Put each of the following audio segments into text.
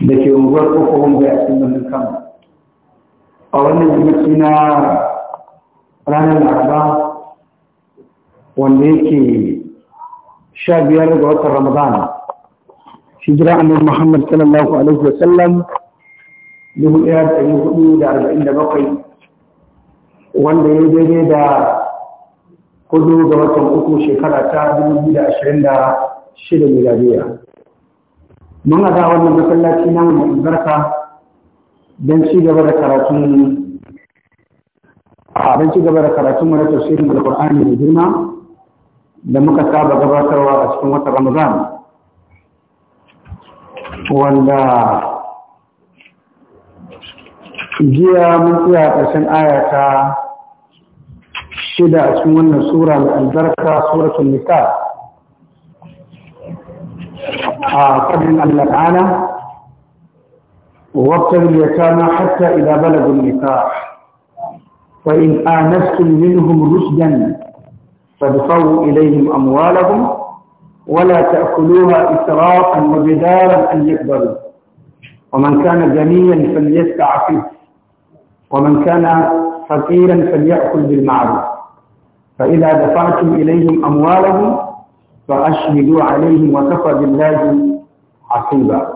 da ke unguwar kofar wanda a cikin birnin kano a wannan yammaci na ranar laraba wanda yake sha biyar ga watan ramadana hijira annabi muhammad sallallahu alaihi wasallam dubu ɗaya da ɗari hudu da arba'in da bakwai wanda ya daidai da hudu ga watan uku shekara ta dubu biyu da ashirin da shida miladiya mun haɗa wannan masallaci na mai albarka don ci gaba da a don ci gaba da karatun mu tafsirin alqur'ani mai girma da muka saba gabatarwa a cikin wata ramadan wanda jiya mun tsaya ƙarshen aya ta shida a cikin wannan sura mai albarka suratul nisa آه، قبل الله تعالى وابتلوا اليتامى حتى إذا بلغوا النكاح فإن آنستم منهم رشدا فادفعوا إليهم أموالهم ولا تأكلوها إسرافا وجدارا أن يكبروا ومن كان غنيا فليستعفف ومن كان فقيرا فليأكل بالمعروف فإذا دفعتم إليهم أموالهم فأشهدوا عليهم وكفى بالله عصيبا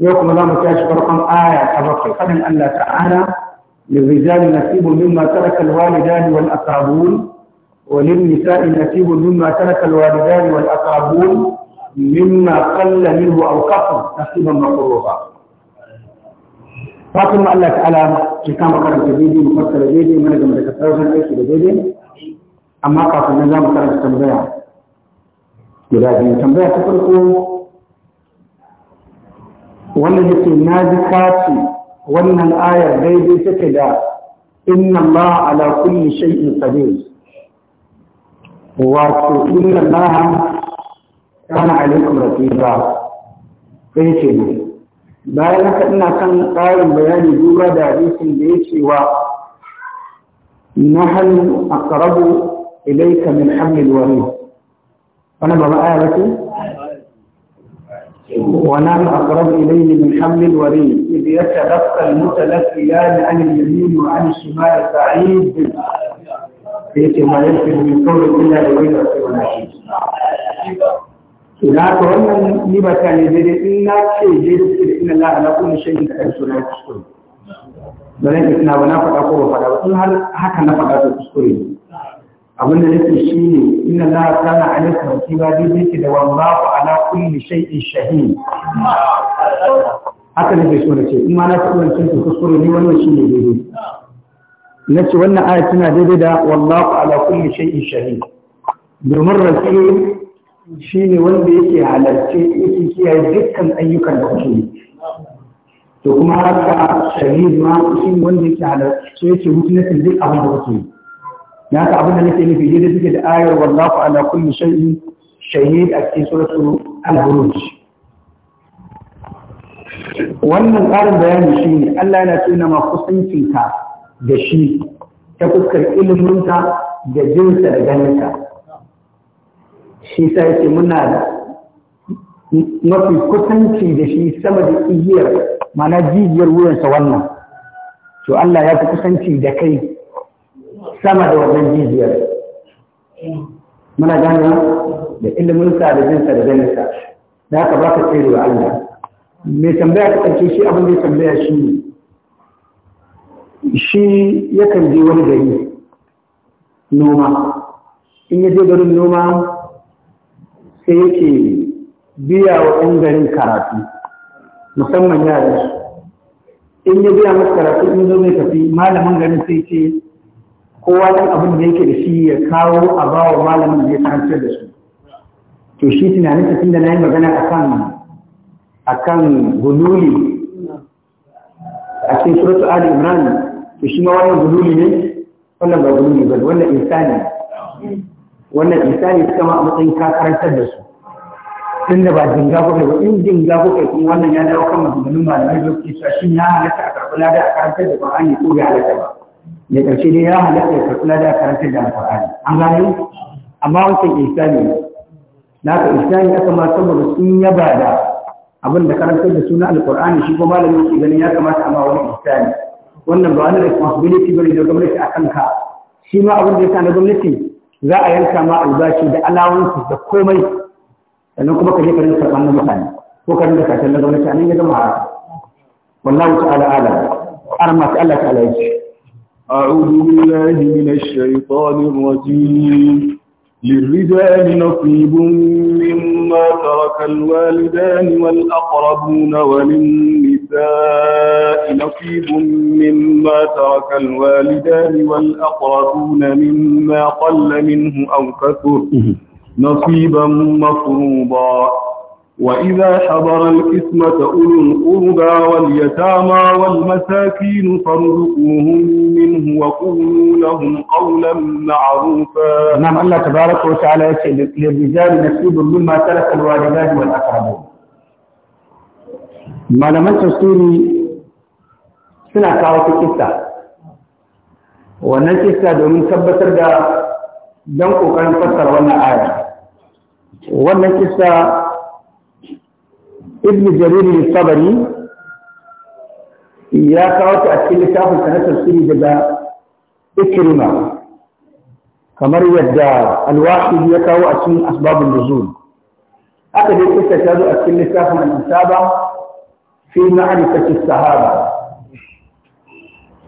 يوكم الله مكاش برقم آية تبقي قدم لا تعالى للرجال نسيب مما ترك الوالدان والأقربون وللنساء نسيب مما ترك الوالدان والأقربون مما قل منه أو كفر نصيبا مفروضا فاطمة الله تعالى كتاب قرن جديد مفصل جديد من جمع كتاب أي شيء جديد أما قاطع النظام قرن تنبيع إذا تنبيع تفرقوا wannan yake na ji kaci wannan ayar daidai take da inna Allah ala kulli shay'in qadir wato inna Allah kana alaikum raqiba sai ce ne bayan haka ina kan ƙarin bayani duba da hadisin da ya ce wa nahnu aqrabu ilayka min hamil warid wannan ba ba aya bace ونعم أقرب إليه من حمل الوريد إذ يتلقى المتلقيان عن اليمين وعن الشمال بعيد بيت ما يكتب من كل إلا لوين رسول الله إذا كنا نبتا نجد إلا شيء جيد إن الله على كل شيء حيث لا يتشكر ولكن إذا ونفق أقوله فلا وإن هل حكا نفق أقوله abin da nake shi ne ina inna la kana alaikum rakiba dai yake da wallahu ala kulli shay'in shahid haka nake so nace in ma na tsoro cin to kuskure ne wannan shi ne daidai Na ce wannan aya tana daidai da wallahu ala kulli shay'in shahid domin rasul shi ne wanda yake halarce yake kiyaye dukkan ayyukan da kuke yi to kuma haka shahid ma shi ne wanda yake halarce yake mutunatin duk abin da kuke yi na haka abin da nake nufi daidai suke da ayar wallahu ala kulli shay'in shahid a cikin suratul al-buruj wannan tsarin bayani shine Allah yana tuna ma kusancinka da shi ta fuskar iliminka da jinsa da ganinka shi sa yake muna da mafi kusanci da shi sama da igiyar mana jijiyar wuyansa wannan to Allah ya fi kusanci da kai sama da wannan jijiyar muna gane da iliminsa da jinsa da ganinsa da haka ba ka tsere wa Allah mai tambaya ta ƙarshe shi abin da ya tambaya shi ne shi yakan je wani gari noma in ya je garin noma sai yake biya wa ɗan garin karatu musamman yaran in ya biya masu karatu in zo zai tafi malamin garin sai ce kowa ɗan abin da yake da shi ya kawo a bawa malamin da ya karantar da su to shi tunanin tun da na yi magana akan kan gululi a cikin suratu ali imran to shi ma wannan gululi ne wannan ba gululi ba wannan insani wannan insani suka ma a matsayin ka karantar da su da ba dinga ko kai ba in jinga ko kai wannan ya dawo kan maganganun malamai lokaci cewa shin ya halatta a karɓi lada a karantar da Qur'ani ko ya halatta ba ya ƙarshe ne ya halatta ya karɓi da karantar da alƙur'ani an gane amma wancan isani ne naka isani aka ma saboda sun yaba da abin karantar da suna alƙur'ani shi kuma malamin ke ganin ya kamata a ma wani wannan ba wani responsibility bane da gwamnati a kanka shi ma abin da ya sa na gwamnati za a yanka ma albashi da alawansu da komai sannan kuma ka je ka rinka karɓar na mutane ko ka rinka karɓar na gwamnati a nan ya zama haka wallahu ta'ala alam arma ta Allah ta'ala ya ce أعوذ بالله من الشيطان الرجيم للرجال نصيب مما ترك الوالدان والأقربون وللنساء نصيب مما ترك الوالدان والأقربون مما قل منه أو كثر نصيبا مفروضا وإذا حضر القسمة أولو القربى واليتامى والمساكين فارزقوهم منه وقولوا لهم قولا معروفا نعم الله تبارك وتعالى يقول للرجال نسيب مما ترك الوالدان والأقربون ما لم تسوري سنة كاوة ta وأن wannan دون domin tabbatar da كان kokarin fassara آية وأن wannan ibn jarir al-sabari ya kawo ta a cikin littafin sa na tafsiri daga ikrima kamar yadda al-wahidi ya kawo a cikin asbabun nuzul aka dai kissa ta zo a cikin littafin al-isaba fi ma'rifati sahaba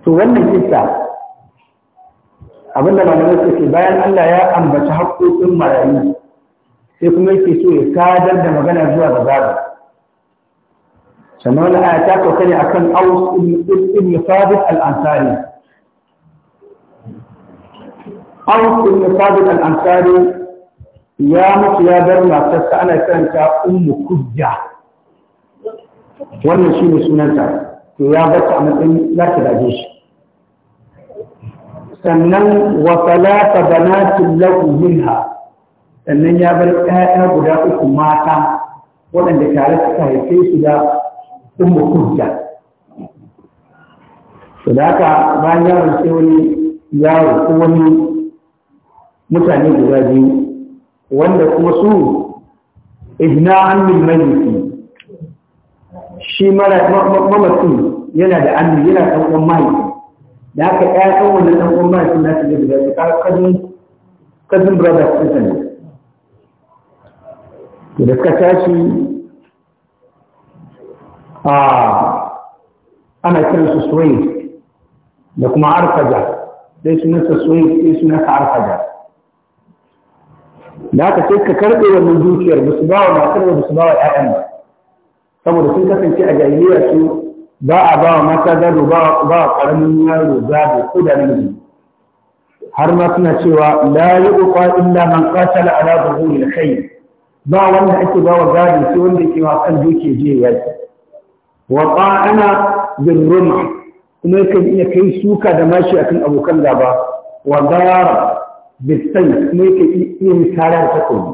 to wannan kissa abinda malamai suke bayan Allah ya ambaci haƙoƙin marayu sai kuma yake so ya sadar da magana zuwa ga babu sannan wani aya ta sauka ne akan aus ibn sabit al-ansari aus ibn al-ansari ya mutu ya bar matarsa ana kiranta ummu kudda wannan shi ne sunanta to ya bar a matsayin za ta gaje shi sannan wa salata banatin lahu minha sannan ya bar ƴaƴa guda uku mata waɗanda tare suka haife su da umu hujja to da haka bayan yaron sai wani yaro ko wani mutane guda biyu wanda kuma su ibna annul majlisi shi mara mamacin yana da annu yana ɗan uwan mahaifi da haka ya san wannan ɗan uwan mahaifi na shiga guda biyu kazin kazin brothers ɗinsa ne da suka tashi ana kiransu suwaid da kuma arfaja sai sunansa dai sai sunansa arfaja da aka ce ka karɓe mun dukiyar ba su ba wa matar ba su ba wa ƴaƴan ba saboda sun kasance a jahiliya su ba a ba wa mata gado ba wa ƙaramin yaro gado ko da namiji har ma suna cewa la yi uqa illa man qatala ala zuhuri al-khayr ba wanda ake ba wa gado sai wanda ke wa kan duke je yaki wa ta'ana bin ruma kuma yakan iya kai suka da mashi akan abokan gaba wa gara bisan kuma yakan iya misalar takobi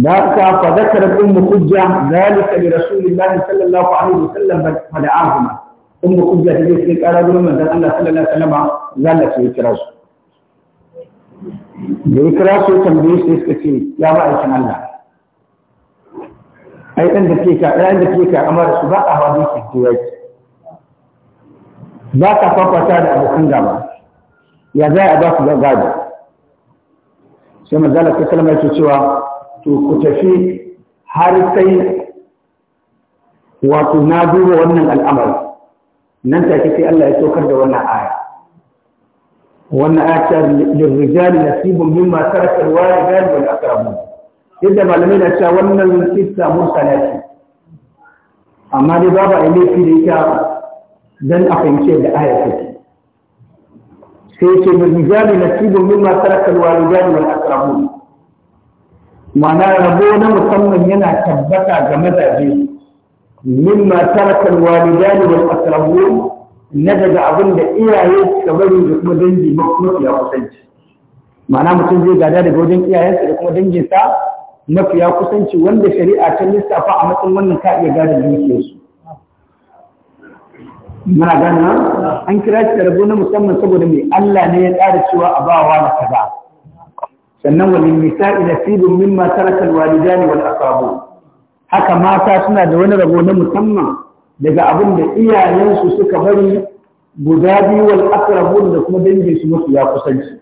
da haka fa zakar ummu mukujja zalika li rasulillahi sallallahu alaihi wasallam fada'ahuma ummu mukujja da yake kara gurin manzon Allah sallallahu alaihi wasallam zalika ya kira su da ya kira su tambaye su suka ce ya ma'aikin Allah ai ɗan da ke ka ɗan da ke ka amma da su ba a hawa doki ba ka fafata da abokan gaba ya za a ba su gado sai manzala ta kalma ke cewa to ku tafi har sai wato na duba wannan al'amari nan ke sai Allah ya saukar da wannan aya wannan aya ta lirrijali nasibun mimma taraka alwalidan wal aqrabun yadda malamai na cewa wannan kissa mursala ce amma dai babu a fi da ita dan a fahimci da aya take sai ce bil mizani nasibun mimma taraka alwalidan wal aqrabun ma'ana rabo na musamman yana tabbata ga mazaje mimma taraka alwalidan wal aqrabun na daga abin da iyaye suka bari da kuma dangi mafiya kusanci ma'ana mutum zai gada daga wajen iyayensa da kuma danginsa mafiya kusanci wanda shari'a ta lissafa a matsayin wannan ka iya gada dukiyarsu muna gana an kira shi da rabo na musamman saboda mai Allah ne ya tsara cewa a ba wa na kaza sannan wani misa da sibin mimma taraka alwalidani wal asabu haka mata suna da wani rabo na musamman daga abin da iyayensu suka bari guda biyu wal aqrabun da kuma dangin su mafiya kusanci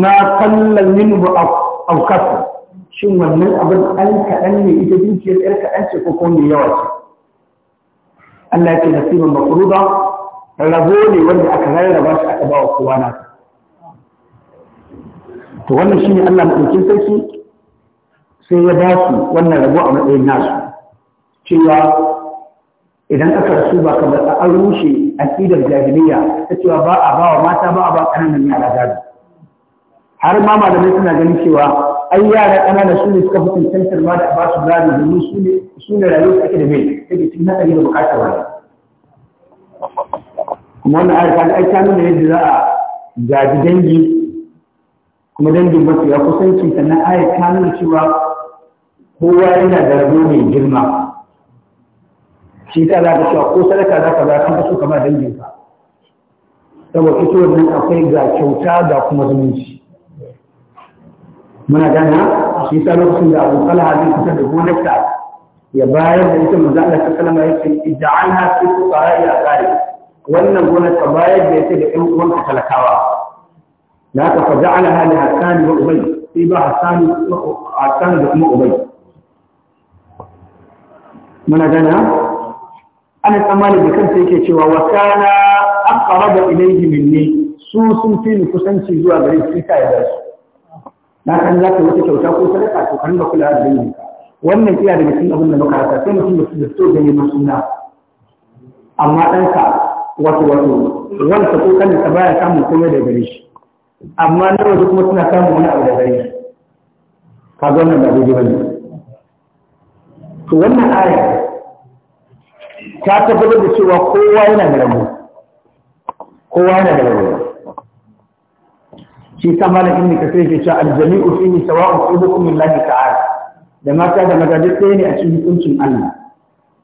ma kallal min aw aukasa shin wannan abin an kaɗan ne ita dukiyar ɗan kaɗan ce ko kuma mai yawa ce Allah ce nasibin makruda rabo ne wanda aka rarraba shi aka bawa kowa na to wannan shine Allah madaukin sarki sai ya ba su wannan rabo a matsayin nasu cewa idan aka rasu ba kamar an rushe aƙidar jahiliya ta cewa ba a ba wa mata ba a ba ƙananan yara gado har ma malamai suna ganin cewa ai yara ƙanana su ne suka fi cancantar ma da ba su gado domin su ne su ne da ake da mai take cikin hatsari da bukatar wani kuma wannan ayar ta ai ta nuna yadda za a gaji dangi kuma dangin masu ya kusanci sannan ayar ta nuna cewa kowa yana da rabo mai girma shi ta za ka cewa ko sadaka za ka ba kan ka so ka danginka saboda ita wannan akwai ga kyauta ga kuma zumunci muna gana shi yasa lokacin da Abu kala hadin kusa da gonarsa ya bayar da ita manzo Allah sallallahu alaihi wasallam yake ij'alha fi fuqara'i al-aqari wannan gonar ta bayar da ita ga ɗan uwanka talakawa la ta faj'alaha li Hassan wa Ubay sai ba Hassan Hassan da kuma Ubay muna gana ana tsammani da kansa yake cewa wa kana aqraba ilayhi minni su sun fi ni kusanci zuwa gare shi ta ya dace na kan za ka wata kyauta ko sadaka to kan ba kula da ka wannan iya daga cikin abin da muka rasa sai mutum da su da neman suna amma ɗanka wato wato wanda ko kan ka baya samun komai da gare shi amma na waje kuma suna samun wani abu da gare shi ka ga wannan ba daidai ne to wannan aya ta tabbatar da cewa kowa yana da rabo kowa yana da rabo shi sa malam ka kasir ke cewa aljami'u fihi sawa'un fi hukmillahi ta'ala da mata da maza duk ɗaya ne a cikin hukuncin Allah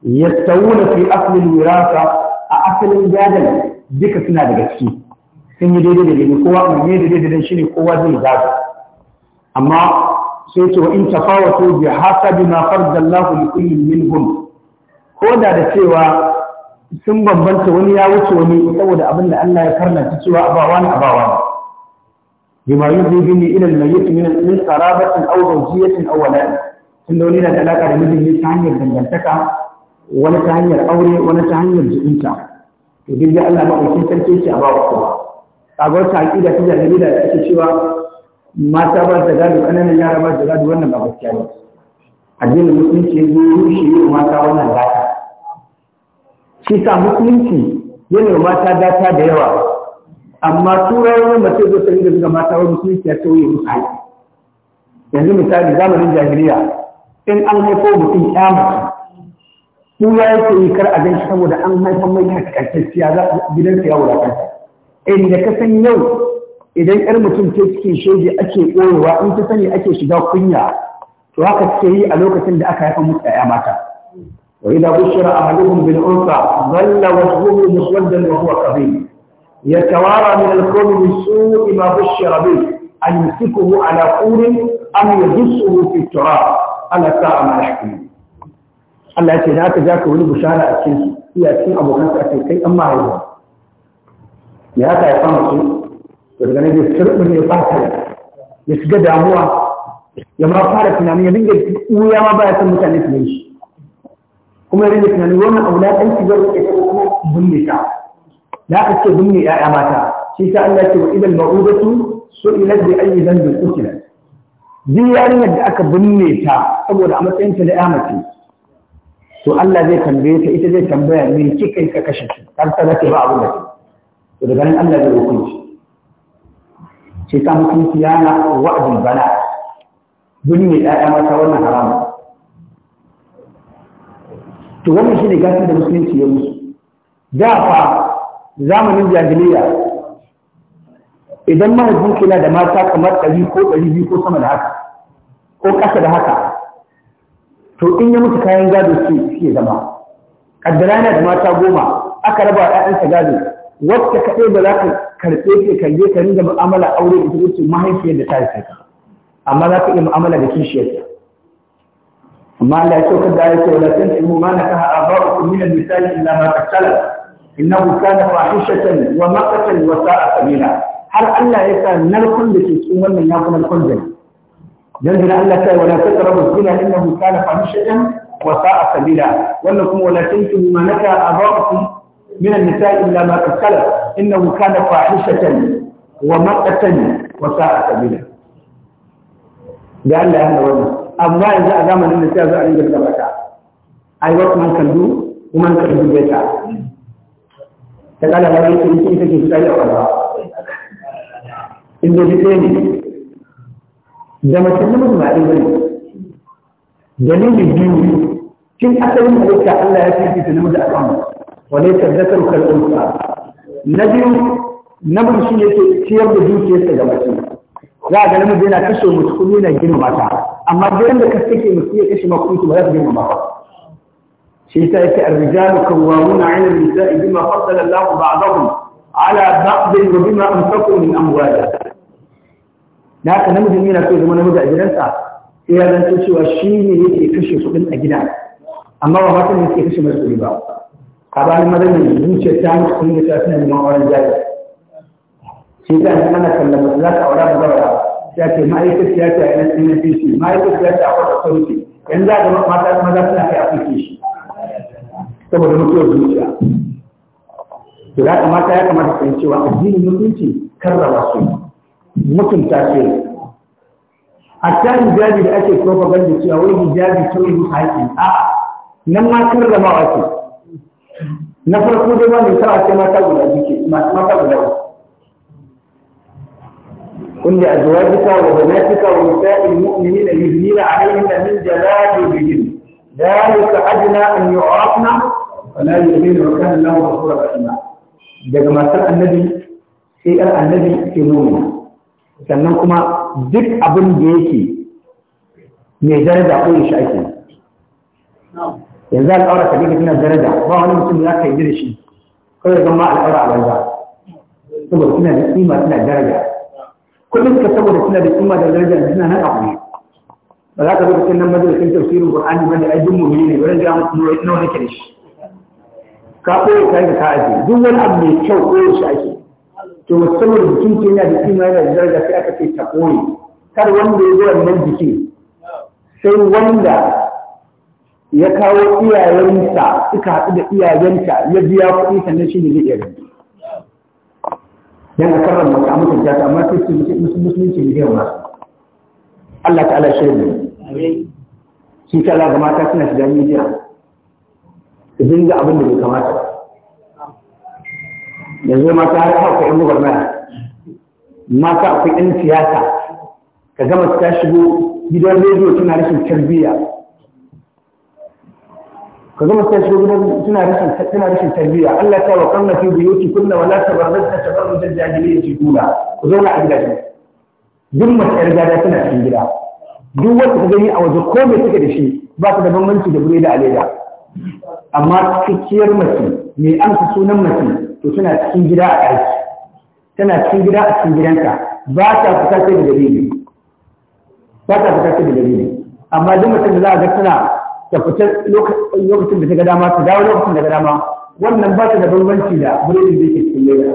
yastawuna fi aslil wirasa a asalin gadon duka suna da gaske sun yi daidai da daidai kowa umarni da daidai shi ne kowa zai gado amma sai ce wa in tafawatu bi hasabi ma fardallahu li kullin minhum ko da da cewa sun bambanta wani ya wuce wani saboda abin da Allah ya karnata cewa abawa ne abawa ne بما yuzi bihi ila al من min او زوجيه او zawjiyatin aw walad salloli na da alaka da mijin ta hanyar dangantaka wani ta hanyar aure wani ta hanyar to duk da Allah maɗaukin sarki ce a ba wa kowa kagar ta aƙida ta da ake cewa mata ba ƙananan yara ba wannan ba gaskiya ba addinin musulunci ya zo rushe yi mata wannan data. shi sa musulunci yana mata data da yawa amma turai wani mace da sai da ga mata wani musulunci ya tauye musu yanzu misali zamanin jahiliya in an haifo mutum ya mace tura ya yi kar a ganshi saboda an haifan mai yana takaitacciya za a gidansa ya wulakanta da ka san yau idan yar mutum ce cikin shege ake ɓoyewa in ta sani ake shiga kunya to haka suke yi a lokacin da aka haifa musu ya mata wa idza bushira ahaduhum bil unsa dhalla wajhuhu muswaddan wa huwa يتوارى من الكون بسوء ما بشر به أن يمسكه على كون أم يدسه في التراب ألا ساء ما يحكم الله يتي ذات ذاك ولي بشارة أتشنس هي أتشن أبو خمسة أتشنسي أما هو يا هذا يفهم شيء يقول أنا يجي السرق من يطاقل يسجد أموا يمرا فارق نامي يبنجي ويا ما بقى يتمتع نتنش كما يريد أن يكون أولاد أنت جرد يتمتع da aka ce binne ‘ya'ya mata shi ta Allah ce wa idan ma'udatu su ilar da ayi zambin ukila duk yarinyar da aka binne ta saboda a matsayin ta da ‘ya mace to Allah zai tambaye ta ita zai tambaya me kika ka kashe ta har ta zake ba abin da to daga nan Allah zai hukunci shi ta mutunci yana wa'adin binne ‘ya'ya mata wannan haramun to shi ne gasar da musulunci ya musu da fa zamanin jahiliya idan mahaifinki na da mata kamar ɗari ko ɗari biyu ko sama da haka ko ƙasa da haka to in ya mutu kayan gado su suke zama ƙaddara yana da mata goma aka raba ƴaƴansa gado wacce kaɗai ba za ka karɓe ke ka je ka ringa mu'amala aure ita wuce mahaifiyar da ta haife ka amma za ka iya mu'amala da kishiyarta amma Allah ya saukar da ayatu wala tanfi'u ma nakaha aba'ukum min an misali illa ma qad innahu kana fahishatan wa maqatan wa sa'a sabila har Allah ya sa narkon da ke cikin wannan ya kuma narkon zina dan zina Allah ta wala taqrabu zina innahu kana fahishatan wa sa'a sabila wannan kuma من النساء إلا ما قد إنه كان فاحشة ومقتا وساء سبيلا لعل أهل وجه أما إذا أزامن النساء فأنا قد أي وقت من كان دو ومن كان دو بيتا ta kana ma yake yake take fitsari a kwalba in da jike ne da mace na mutum a ɗin bane dalilin biyu cin asalin halitta Allah ya fi ta namiji a kan wale ta zakar kal'unsa na biyu namiji shi yake ciyar da dukiyarsa ga mace za a ga namiji yana kashe mutu kuma yana girma mata amma duk da ka sake mutu ya kashe makunci ba za su girma mata شيتا الرجال قوامون على النساء بما فضل الله بعضهم على بعض وبما انفقوا من اموالهم ذاك نمد مين اكو زما نمد اجرنسا يا ذا تشوا شي ني تشي سوبن اجدا اما ما فات ني تشي تشي مسؤول با هذا المدن من شتان كل شتان من اول جاي شيتا انا كلمه ذاك اورا بدورا ذاك ما هي سياسه ان ان بي سي ما هي سياسه اوتوريتي ان ذاك ما ما ذاك اكيد شي saboda mutuwar zuciya to ya kamata ya kamata su cewa addinin mutunci karrama su mutunta su hatta hijabi da ake propaganda cewa wai hijabi sauyi musu haƙƙi a nan ma karramawa ce na farko dai wanda sa ce mata guda biyu masu mata guda biyu قل لأزواجك وبناتك ونساء المؤمنين يدنين عليهن من جلابيبهن ذلك أدنى أن يعرفن wala da wa kana lahu ghafurur rahima daga matar annabi sai yar annabi sai mu'mina sannan kuma duk abin da yake mai daraja ko shi ake yanzu al'aura ka daga tana daraja ba wani mutum ya kai da shi kawai zama al'aura a banza saboda suna da kima suna daraja kullum ka saboda suna da kima da daraja suna nan abu ne. ba za ka zo cikin nan majalisin tafsirin Qur'ani ba da ajin mu'mini ne wurin ga mutum nawa nake da shi ka koyo kayan ka aje duk wani abu mai kyau koyo shi ake to musamman jikin ke yana da kima yana da daraja sai aka ce ta koyi kar wanda ya zuwa wannan bikin sai wanda ya kawo iyayensa suka haɗu da iyayenta ya biya kuɗi sannan shi ne zai iya gani yana karran mata mutum ta amma sai su musulunci ne yawa Allah ta'ala shaidu shi ta Allah ga mata suna shiga midiya su dinga abin da bai kamata ba yanzu mata har hauka yan gwamnati mata akwai yan siyasa ka gama su ta shigo gidan rediyo suna rashin tarbiyya ka gama ta shigo gidan tana rashin tana rashin tarbiyya Allah ta wa kanna fi buyuti kunna wala tabarrajna tabarruj al-jahiliyyati ula ku zauna a gidajen duk mace yar gada tana cikin gida duk wanda ka gani a waje ko me take da shi ba ta da bambanci da bure da aleda amma cikiyar mace mai amsa sunan mace to tana cikin gida a ɗaki tana cikin gida a cikin gidanka ba ta fita sai da dalili ba ta fita sai da dalili amma duk mutum da za a ga tana ta fita lokacin da ta ga dama ta dawo lokacin da ga dama wannan ba ta da bambanci da buredin da yake cikin leda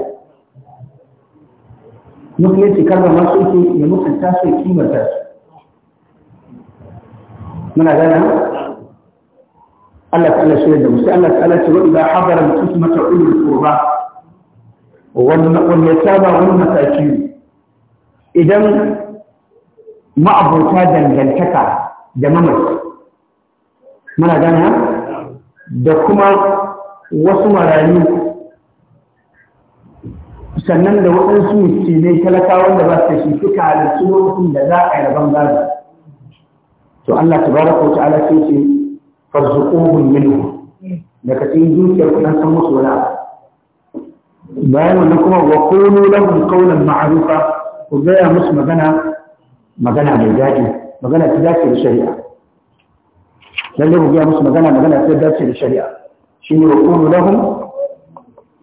musulunci kalmar masu yake ya mutunta su ya kimanta su muna gana Allah ta'ala shi da musu Allah ta'ala ce wa idza hadara al-qismata ulul qurba ya yatama wal mataki idan ma'abota dangantaka da mamaci muna gane ha, da kuma wasu marayu sannan da waɗansu miskinai talaka wanda ba su shi suka halittu lokacin da za a yi rabon gaza, to Allah tabaraka wa ta'ala sai ce farzuquhum minhu daga cikin dukiyar ku dan san musu wala bayan wannan kuma wa qulu lahum qawlan ma'rufa ku gaya musu magana magana mai daɗi magana ta dace da shari'a lalle ku gaya musu magana magana ta dace da shari'a shine wa qulu lahum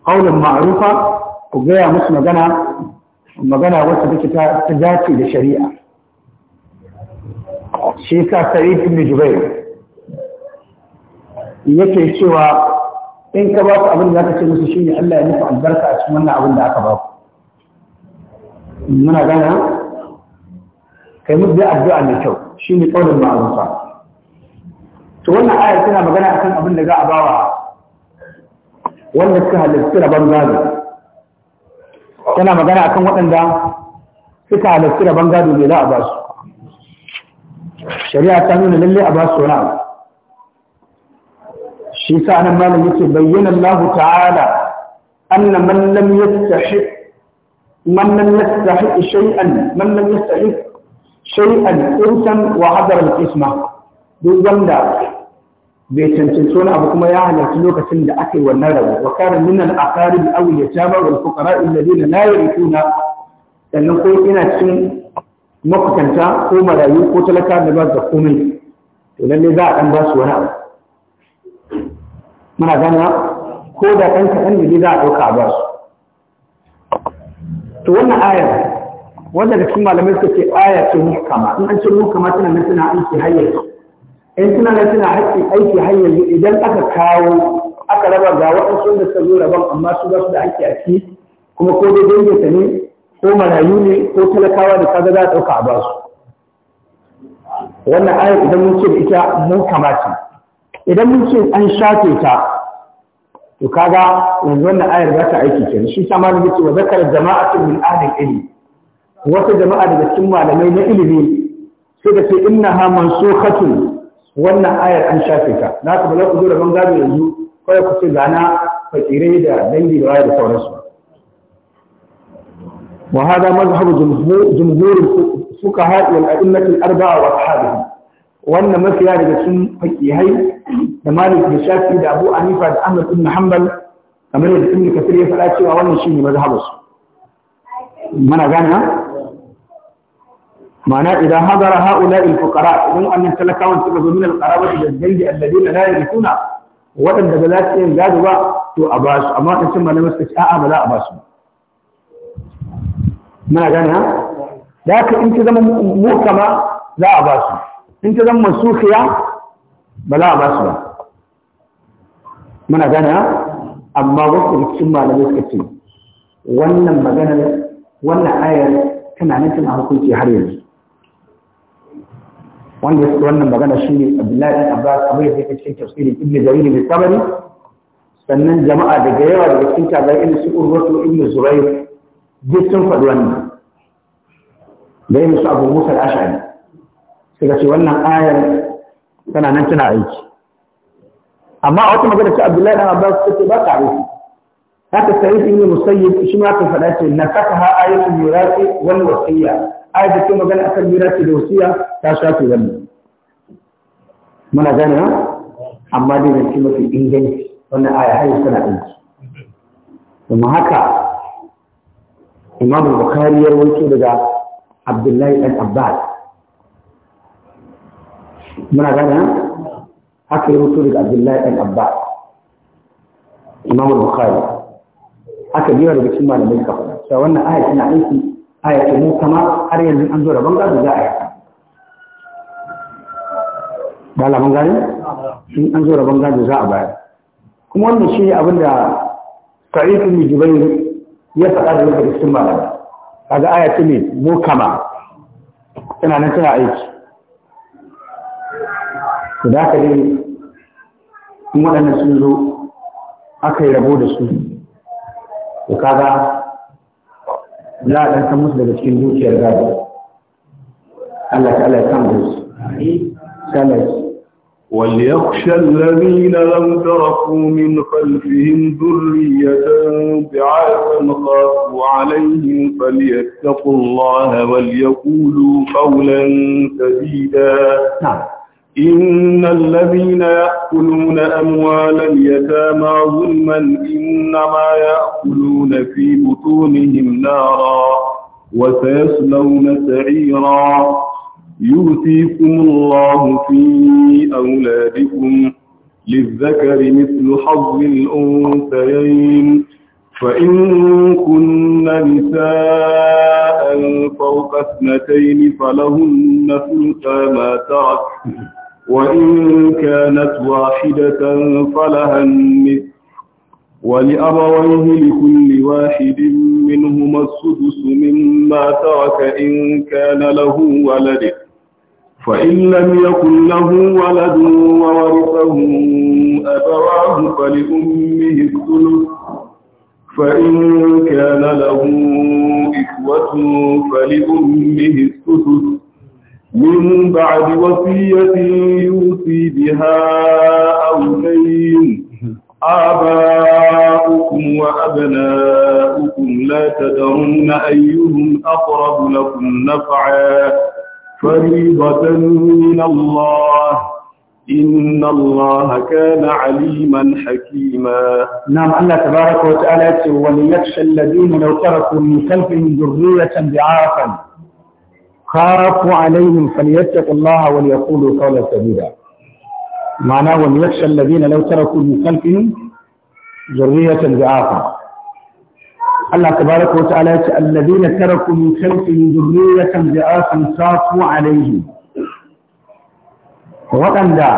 qawlan ma'rufa ku gaya musu magana magana wacce take ta dace da shari'a shi ka sa'id ibn jubair yake cewa in ka ba ku abin da zaka ce musu shi ne Allah ya nufa albarka a cikin wannan abin da aka ba ku muna gana kai mu da addu'a mai kyau shi ne kaulin ma'rufa to wannan ayar tana magana akan abin da za a ba bawa wanda suka halarci rabon gado tana magana akan waɗanda suka halarci rabon gado ne za a ba su shari'a ta nuna lalle a ba su wani abu shi sa nan malam yake bayyana Allah ta'ala anna man lam yastahiq man lam yastahiq shay'an man lam yastahiq shay'an insan wa hadar al-isma duk wanda bai cancanci wani abu kuma ya halarci lokacin da aka yi wannan rabu wa kana min al-aqarib aw yatama wal fuqara alladhina la yarithuna sannan ko ina cikin makusanta ko marayu ko talaka da ba da komai to lalle za a dan ba su wani abu muna gana ko da ɗan kaɗan za a ɗauka a ba su to wannan ayar wanda da cikin malamai suka ce aya ce muhkama in an ce muhkama tana nan tana aiki hanyar. yanzu in tana nan tana aiki hanyar, yanzu idan aka kawo aka raba ga waɗansu da suka zo rabon amma su ba su da aiki a ciki kuma ko dai ta ne ko marayu ne ko talakawa da kaga za a ɗauka a ba su wannan ayar idan mun ce da ita muhkama ce idan mun ce an shafe ta to kaga yanzu wannan ayar za ta aiki kenan shi sama ne yace wa zakara jama'atu min ahli ilmi wata jama'a daga cikin malamai na ilimi sai da sai innaha mansukhatun wannan ayar an shafe ta na ka bala ku zo da bangare yanzu kawai ku ce gana fakire da dangi da waye da sauransu وهذا مذهب جمهور الفقهاء والأئمة الأربعة وأصحابهم wannan mafiya daga cikin fakihai da malik da shafi da abu anifa da ahmad ibn hanbal kamar yadda ibn kasir ya faɗa cewa wannan shine mazhabinsu mana gane ma'ana idan hadara haula il fuqara idan annan talakawan suka zo min al qarabati da dangi alladina la yarithuna wadanda ba za su yin gado ba to a ba su amma kan cin malamai suka ce a'a ba za a ba su mana gane da haka in ki zama mu kama, za a ba su in ta zama sukiya ba za a ba su ba muna gana amma wasu da cikin malamai suka ce wannan maganar wannan ayar tana nufin a hukunci har yanzu wanda suka wannan magana shi ne abdullahi abbas kamar yadda yake cikin tafsirin ibnu jarir bin sabari sannan jama'a daga yawa daga cikin tabi'in irin su urwatu Ibn zubair duk sun faɗi wannan da yin su abu musa al-ash'ari suka ce wannan ayar tana nan tana aiki amma a wata magana ce abdullahi dan abbas ta ce ba ta aiki haka sai shi ne musayyib shi ma ka faɗa ce na saka ha ayatul mirasi wal wasiya ayat da ke magana akan mirasi da wasiya ta shafi wannan muna gane ha amma dai zan ci mafi inganci wannan aya har tana aiki kuma haka imam bukhari ya rawaito daga abdullahi dan abbas muna gane haka yi mutu daga abdullahi ɗan abba imamul bukhari haka biyar daga cikin malamai ka. faɗa cewa wannan aya tana aiki aya ce mu kama har yanzu an zo da banga da za a yaka ba la banga ne in an zo da banga da za a bayar kuma wannan shi ne abinda sa'id ibn jubayr ya faɗa da daga cikin malamai kaga aya ce ne mu kama tana nan tana aiki to da ka dai in waɗannan sun zo aka yi rabo da su to kaga za a ɗan san musu daga cikin dukiyar gado Allah ta Allah ya kan gusu salati وليخشى الذين لم تركوا من خلفهم ذرية بعافا خافوا عليهم فليتقوا الله وليقولوا قولا سديدا نعم إن الذين يأكلون أموال اليتامى ظلما إنما يأكلون في بطونهم نارا وسيصلون سعيرا يؤتيكم الله في أولادكم للذكر مثل حظ الأنثيين فإن كن نساء فوق اثنتين فلهن ثلثا ما ترك وإن كانت واحدة فلها النصف ولأبويه لكل واحد منهما السدس مما ترك إن كان له ولد فإن لم يكن له ولد وورثه أبواه فلأمه الثلث فإن كان له إخوة فلأمه الثلث من بعد وصية يوصي بها أو دين آباؤكم وأبناؤكم لا تدرون أيهم أقرب لكم نفعا فريضة من الله إن الله كان عليما حكيما نعم الله تبارك وتعالى وليخشى الذين لو تركوا من خلفهم ذرية ضعافا خافوا عليهم فليتقوا الله وليقولوا قولا سديدا معناه وليخشى الذين لو تركوا من خلفهم ذرية ضعافا الله تبارك وتعالى الذين تركوا من خلفهم ذرية ضعافا خافوا عليهم waɗanda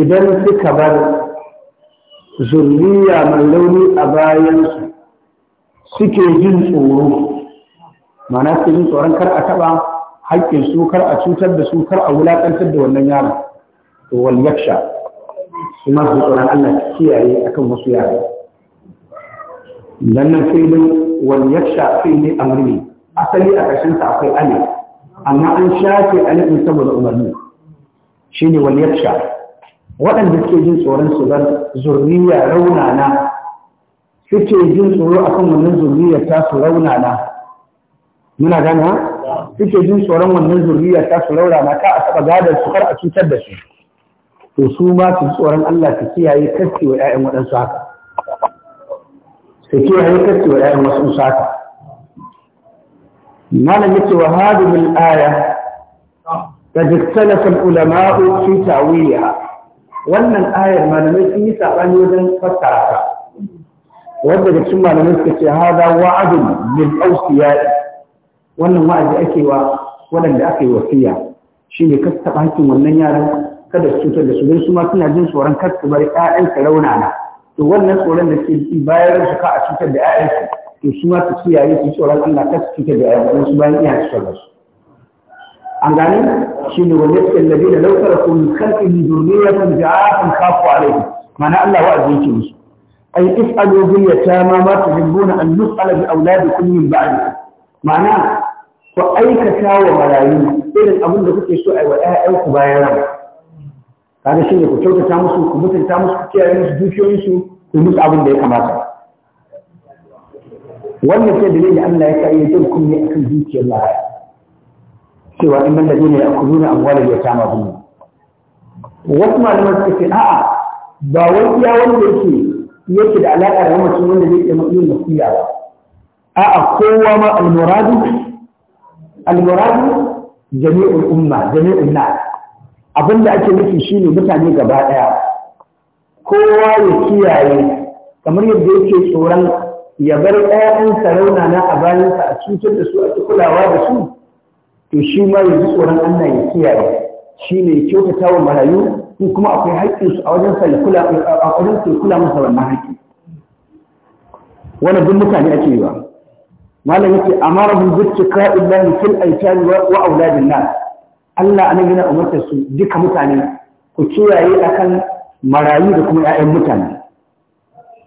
idan suka bar zurriya mai launi a bayansu suke jin tsoro ma'ana suke jin tsoron kar a taɓa haƙƙin su kar a cutar da su kar a wulaƙantar da wannan yaron to wal yaksha su ma su tsoron Allah kiyaye akan wasu yara dan nan sai dai wal yaksha sai ne amri asali a ƙarshen sa akwai ali amma an shafe alifin saboda umarni shine wal yaksha waɗanda suke jin tsoron su zan zurriya raunana suke jin tsoro akan wannan zurriya ta su raunana muna gana suke jin tsoron wannan zurriya ta su laura na ka a taɓa gadar su kar a cutar da su to su ma su tsoron Allah su kiyaye kaske wa ƴaƴan waɗansu haka su kiyaye kaske wa ƴaƴan wasu haka malam yace wa hadhihi al-aya قد اختلف العلماء في تاويلها wannan ayar malamai sun yi sabani wajen fassara ta wanda da cikin malamai suka ce hada wa'adun lil awsiya wannan wa'azi ake wa waɗanda aka yi wasiya shi ne kasu taɓa hakkin wannan yaran kada su cutar da su don su ma suna jin tsoron kar su bar ƴaƴansu raunana to wannan tsoron da ke ji bayan su ka a cutar da ƴaƴansu to su ma su kiyaye su tsoron Allah kar su cutar da ƴaƴansu su bayan iya su tsoron su an gane shi ne wanda suke labi da laukar ku min khalqihi dhurriyatan ja'atan khafu alayhi ma'ana Allah wa'azi yake musu ay is'alu bil yatama ma tuhibbuna an yus'ala bi auladikum min ba'dikum ma'ana ku aikata wa marayu irin abin da kuke so a wa ƴaƴanku bayan rama kaga shine ku kyautata musu ku mutunta musu ku kiyaye musu dukiyoyinsu ku musu abin da ya kamata wannan sai da Allah ya kai ya jin kunne akan dukiyar marayu cewa in nan ne ya kudu na amwalar ya kama bunni wasu malaman suka ce a'a ba wai iya wanda yake yake da alaƙa da mamacin wanda zai iya matsayin da kuya ba a'a kowa ma almuradu al-muradu jami'ul umma jami'ul nas abinda ake nufi shine mutane gaba daya kowa ya kiyaye kamar yadda yake tsoron ya bar ɗayan sarauna na a bayansa a cutar da su a kulawa da su to shi ma yanzu tsoron Allah ya kiyaye shi ne ya kyautata wa marayu ko kuma akwai su a wajen sai kula a wajen sai kula masa wannan haƙƙi wannan duk mutane ake yi ba malam yake amarahum bittika illahi fil aitani wa auladin nas Allah anan yana umarta su duka mutane ku kiyaye akan marayu da kuma ƴaƴan mutane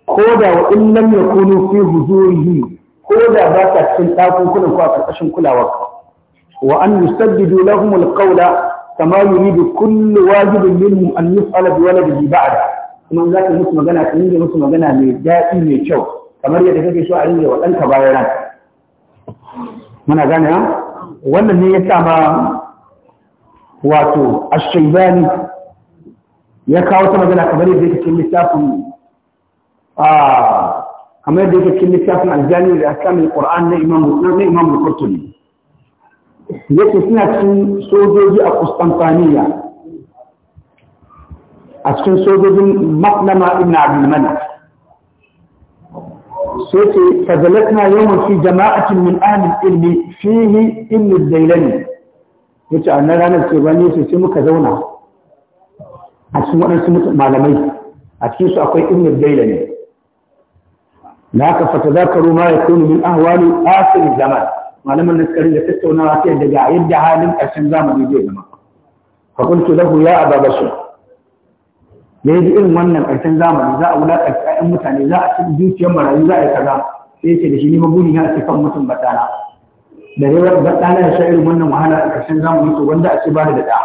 ko da wa in lam yakunu fi huzurihi ko da ba ta cikin ɗakun kudin ko a ƙarƙashin kulawa. wa an yusabbidu lahum alqawla kama yuridu kullu wajibin minhum an yus'ala bi waladihi ba'da kuma za musu magana ka yi musu magana mai daɗi mai kyau kamar yadda kake so a rinje wa ɗanka bayan ranka muna gane ya wannan ne ya sama ma wato ashaibani ya kawo ta magana kamar yadda yake cikin littafin a kamar yadda yake cikin littafin aljani da aka mai qur'an na imam na imam al-qurtubi yake suna cikin sojoji a Constantinople a cikin sojojin maknama ibn Abdul Malik سوتي فجلسنا يوما في جماعة من أهل العلم فيه ابن الزيلاني yace a nan ranar ce bani su sai muka zauna a cikin waɗansu malamai a cikin su akwai ibn zailani Na ka fata za ka roma ya kone min ahwali asir zaman malaman da suka da tattaunawa sai daga yadda halin ƙarshen zamani zai zama fakultu lahu ya aba bashir ya yi irin wannan ƙarshen zamani za a wulaƙanta ƴaƴan mutane za a ci zuciyar marayu za a yi kaza sai ce da shi ma buri na ce kan mutum batana da yawa batana ya sha irin wannan wahala a ƙarshen zamani to wanda a ce ba da da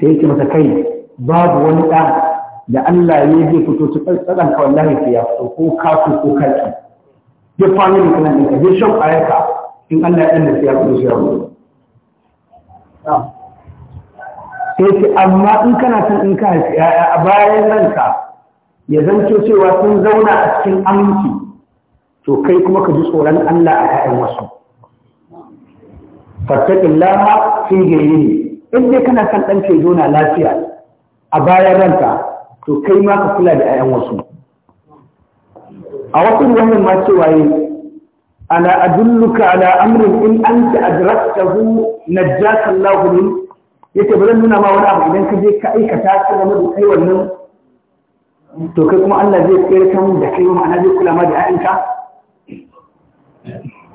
sai ce masa kai babu wani ɗa da Allah ya zai fito su tsatsan ka wallahi ke ya fito ko kaku ko kaki duk family kana ne ka je shan ayaka in Allah ya ɗan da sai ya shi ya fito sai ce amma in kana son in ka haifi ‘ya'ya a bayan ranka ya zanto cewa sun zauna a cikin aminci to kai kuma ka ji tsoron Allah a ‘ya'yan wasu fattakin lama fi gari ne in dai kana son ɗan ke zauna lafiya a bayan ranka to kai ma ka kula da ‘ya'yan wasu a wasu ruwan ma cewa yi ana adulluka ala amrin in an ta hu najjaka Allah min yace ba zan nuna ma wani abu idan ka je ka aikata ka zama da kai wannan to kai kuma Allah zai tsere ka mun da kai ma'ana zai kula ma da ƴaƴanka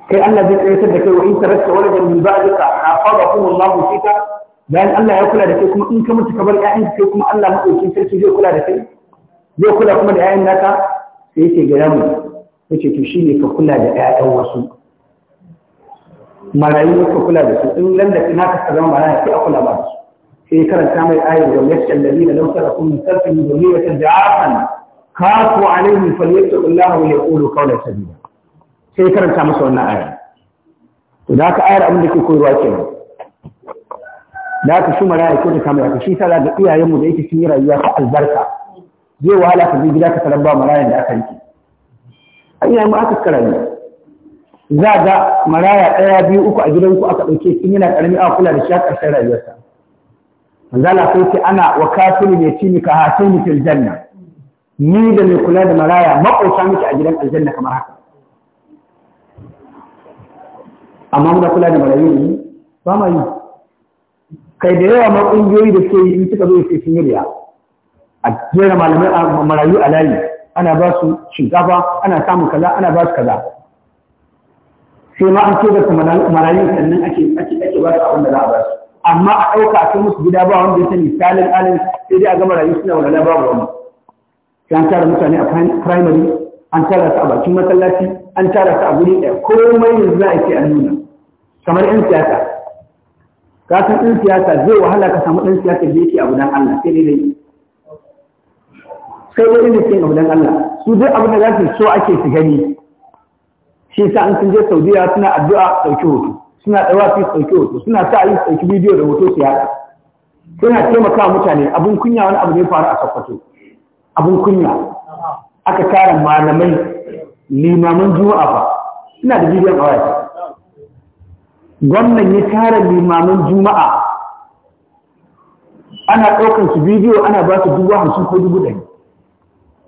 kai Allah zai tsere ka da kai wa in tarakta waladan min ba'dika hafadakum Allahu fika bayan Allah ya kula da kai kuma in ka mutu ka bar ƴaƴanka kai kuma Allah madaukin sarki zai kula da kai zai kula kuma da ƴaƴan naka sai yake gaya mu yace to shine ka kula da ƴaƴan wasu marayu ka kula da su in nan da na ka zama marayu sai a kula ba su sai karanta mai ayar da da alladina law sarafu min sarfihim dhurriyatan da'afan kafu alaihim falyattaqullaha wa yaqulu qawlan sadida sai karanta masa wannan ayar to da ka ayar abin da ke koyarwa kenan da ka shi maraya ko ta kama ya shi ta da iyayen mu da yake cikin rayuwa ta albarka zai wahala ka bi gida ka tarar ba marayan da aka yi An iyayen mu aka karanta za ga maraya ɗaya biyu uku a gidanku aka ɗauke in yana ƙarami a kula da shi a ƙarshen rayuwarsa Zala sai ce ana wa kafiri ne ci ka hasin ni fil janna ni da mai kula da maraya makauta miki a gidan aljanna kamar haka amma muna kula da marayu ne ba ma yi kai da yawa ma ƙungiyoyi da ke yi in suka zo sai sun yi a jera malamai marayu a layi ana ba su shinkafa ana samun kaza ana ba su kaza sai ma an ce da marayu sannan ake ake ake ba su abin da za a ba su amma a ɗauka a kai musu gida ba wanda ya sani salin alin sai dai a ga marayu suna walala ba wani sai an tara mutane a primary an tara su a bakin masallaci an tara su a guri ɗaya komai yanzu za a ce an nuna kamar 'yan siyasa ka san ɗan siyasa zai wahala ka samu ɗan siyasa da yake abu dan Allah sai dai sai dai ne cikin abu dan Allah su dai abu da za su so ake su gani shi sa an sun je Saudiya suna addu'a sauke hoto suna dawa su sauke hoto suna sa yi sauke bidiyo da hoto su yaɗa suna taimaka mutane abun kunya wani abu ne faru a Sokoto abun kunya aka tara malamai limaman juma'a fa suna da bidiyon awaya gwamnan ya tara limaman juma'a ana ɗaukan su bidiyo ana ba su dubu hamsin ko dubu ɗari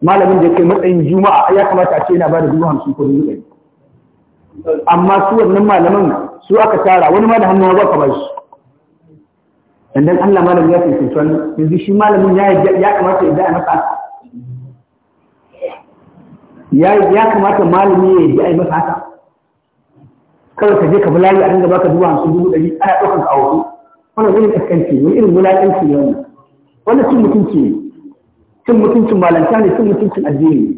malamin da ya kai matsayin juma'a ya kamata a ce yana ba da dubu hamsin ko dubu ɗari amma su wannan malaman su aka tara wani ma da hannu ba ka ba shi dan Allah malamin ya fice wannan yanzu shi malamin ya ya kamata ya da masa ya ya kamata malami ya yi masa haka kawai ka je ka bulali a dinga baka duwa su dubu ɗari ana ɗaukar ka a wannan wani kaskanci ne irin bulaƙanci ne wannan wannan cin mutunci ne cin mutuncin malanta ne cin mutuncin addini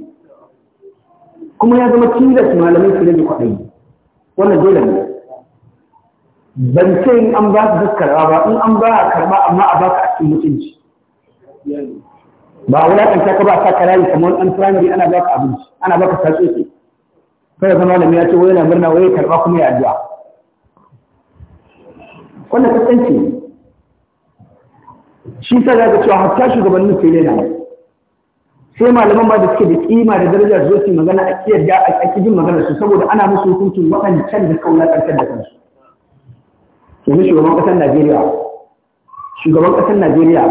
kuma ya zama tilas malamai su da kwadai wannan dole ne ban ce in an ba ka karɓa ba in an ba a karɓa amma a baka a cikin mutunci ba wulaƙanta ka ba sa karari kamar an firamare ana baka abinci ana baka tatsoki kai zama malami ya ce wai yana murna wai karɓa kuma ya addu'a wannan kasance shi sa za ka cewa hatta shugabannin sai ne na sai malaman ba da suke da kima da daraja su zoci magana a kiyar da a kijin magana su saboda ana musu hukuncin waɗancan da kaula ƙarfin da kansu yanzu shugaban ƙasar Najeriya shugaban ƙasar Najeriya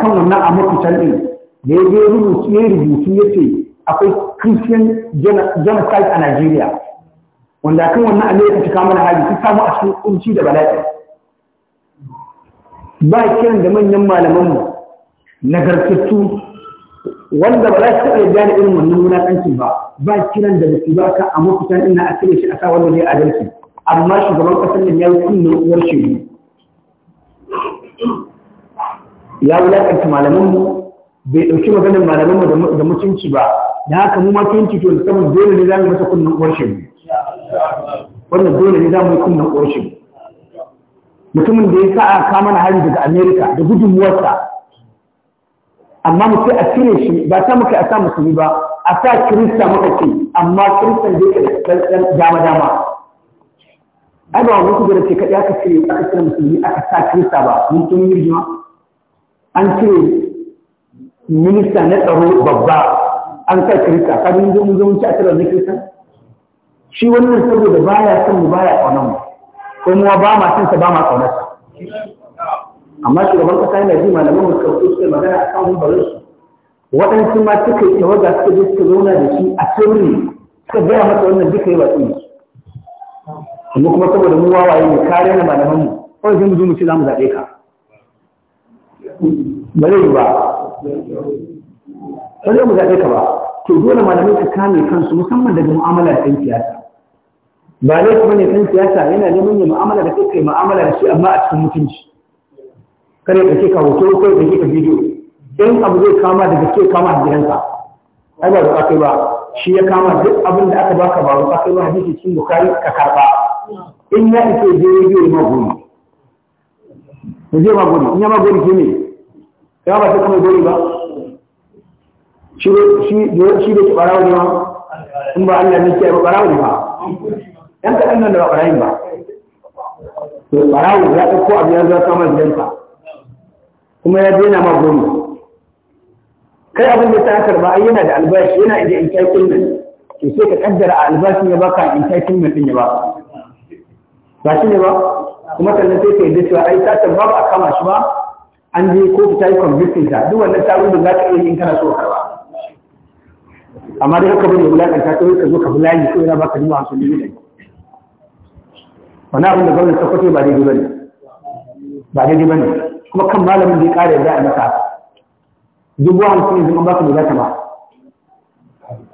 kan wannan can ɗin da ya je rubutu ya rubutu ya ce akwai Christian genocide a Najeriya wanda akan wannan Amerika ta kama da hali sun samu a cikin kunci da bala'i ba kiran da manyan malamanmu nagartattu wanda ba za su taɓa yarda da irin wannan wulaƙancin ba ba kiran da mutu ba ka a mafitan ina a cire shi a sa wanda zai adalci amma shugaban ƙasar nan ya yi kunne uwar shi ya wulaƙanta malaman mu bai ɗauki maganar malaman mu da mutunci ba da haka mu ma tunci to saboda dole ne za mu masa kunnen uwar shi wannan dole ne za mu yi kunnen uwar shi mutumin da ya sa a kama na hari daga amerika da gudunmuwarsa amma mu ce a cire shi ba ta muka a sa musulmi ba a sa kirista muka ce amma kirista zai ka dama dama ai ba wani su gara ce kaɗai aka cire aka cire musulmi aka sa kirista ba mun tun yi rigima an cire minista na tsaro babba an sa kirista ka mun zo mun zo mun ci a cire na kirista shi wannan saboda baya son mu baya ƙaunar mu ko mu ba ma son sa ba ma ƙaunar sa amma shugaban kasa yana ji malaman masu karfi suke magana a kan humbarin su waɗansu ma suka yi tawaga suka je suka zauna da shi a sirri suka gaya masa wannan duka yi watsi amma kuma saboda mu wawaye ne kare na malaman mu kawai sai mu zo mu ce za mu zaɓe ka ba zai yi ba ba zai mu zaɓe ka ba to dole malamai su kame kansu musamman daga mu'amala da ɗan siyasa ba laifi bane ɗan siyasa yana neman ya mu'amala da kai mu'amala da shi amma a cikin mutunci kare ka ce ka hoto ko ka ke ka bidiyo in abu zai kama daga ke kama a gidansa ai ba ruwa kai ba shi ya kama duk abin da aka baka ba ruwa kai ba hadisi cikin bukari ka karba in ya ce je bidiyo ma maguri ne je maguri in ya ma ke kine ya ba ta kuma gori ba shi da ke barawa ne ma in ba Allah ne ke ba barawa ne ba yan kaɗan nan da ba barayin ba to barawo ya ɗauko abu ya zama gidansa kuma ya daina ma goma kai abin da ta karba ai yana da albashi yana da entitlement to sai ka kaddara a albashin ya baka entitlement din ya baka ba shi ne ba kuma sannan sai ka yi cewa ai ta ta ba a kama shi ba an je ko ta yi convicting ta duk wannan tarin da za ka iya yin kana so karba amma dai haka bane wulakanta ta ka zo ka bulayi ko yana baka niwa hamsin da ne wani abin da gwamnati ta kwace ba daidai ba ne ba daidai ba ne kuma kan malamin bai kare da a masa dubu hamsin yanzu an ba su da ta ba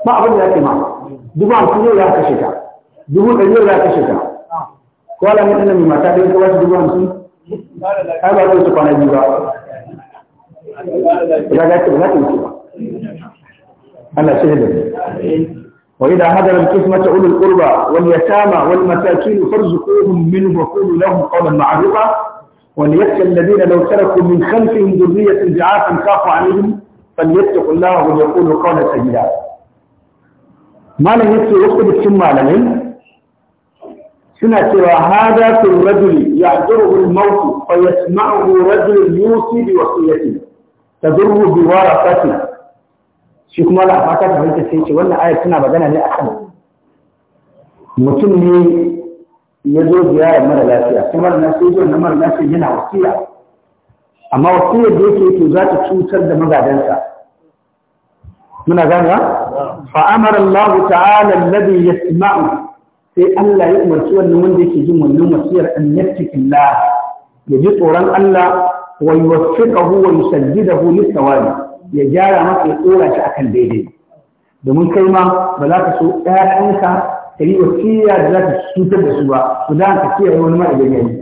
ba abin da ya ce ma dubu hamsin yau ya kashe ta dubu ɗari yau ya kashe ta ko alamin ɗin mai mata ɗaya kawai dubu hamsin ai ba zai su kwana biyu ba ya ga ta ba za ta wuce ba Allah shi da وإذا حضر القسمة أولو القربى واليتامى والمساكين فارزقوهم منه وقولوا لهم قولا معروفا وليخشى الذين لو تركوا من خلفهم ذرية ضعافا خافوا عليهم فليتق الله وليقول قولا سجدا ما لم يكن يكتب السم على من؟ سنة هذا في الرجل يعذره الموت فيسمعه رجل يوصي بوصيته تضر بورثته شيخ مالا حاكاك هل تسيش ولا آية سنة بدنا لأحد متن ya zo ziyarar mara lafiya kuma na sai zo na mara lafiya yana wasiya amma wasiyar da yake to za ta cutar da magadansa muna gane fa amara Allah ta'ala alladhi yasma'u sai Allah ya umarci wannan wanda yake jin wannan wasiyar an yattaqillah ya ji tsoron Allah wa yuwaffiqahu wa yusajjidahu lis-sawabi ya gyara masa ya tsora shi akan daidai domin kai ma ba za ka so ɗayanka ka yi wa wasiya da za ta cutar da su ba su da ka kiyaye wani ma idan yayi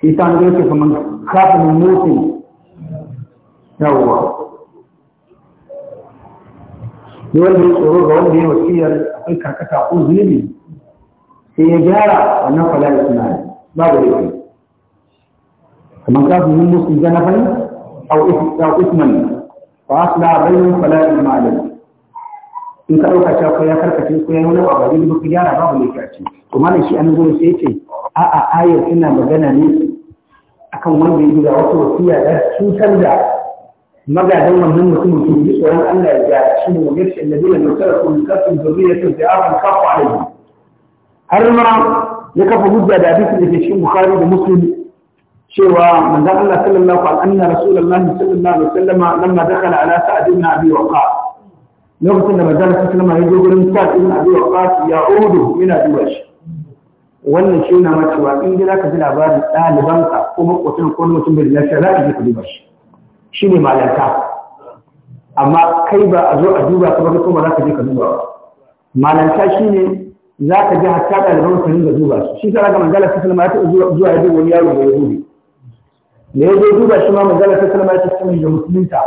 shi ta ga yake kaman kafin mutum yawwa ne wanda ya tsoro ga wanda ya yi wa wasiyar akwai karkata ko zunubi sai ya gyara wannan falalar suna babu laifi kamar kafin yin musu a au isman fa da bayan falalar ma'alai in ka ɗauka cewa ko ya karkace ko ya wani abu ne ku gyara babu ne ka ce to malam shi an gurin sai ce a a ayar ina magana ne akan wanda ya ga wata wasiya da cutar da magadan wannan mutum ke ji tsoron Allah ya gyara shi ne wanda shi annabi ne tsara ko ka tun zuriya ta da aban kafu alaihi har ma ya kafa hujja da hadisi da ke cikin Bukhari da Muslim cewa manzon Allah sallallahu alaihi wa sallam anna rasulullahi sallallahu alaihi wa sallama lamma dakhala ala sa'd ibn abi waqqas lokacin da majalar sallama ya zo gurin sa ibn abi waqas ya udu yana duba shi wannan shi na macewa in dai ka ji labarin ɗalibanka ko makwacin ko mutum bai lafiya za ka ji ka duba shi shi ne malanta amma kai ba a zo a duba ka ba kuma za ka je ka duba ba malanta shi ne za ka ji hatta ɗaliban ka ringa duba su shi sa ga manzala ta salama ta zuwa ya wani yaro da ne? da ya zo duba shi ma manzala ta salama ta salama ya musulunta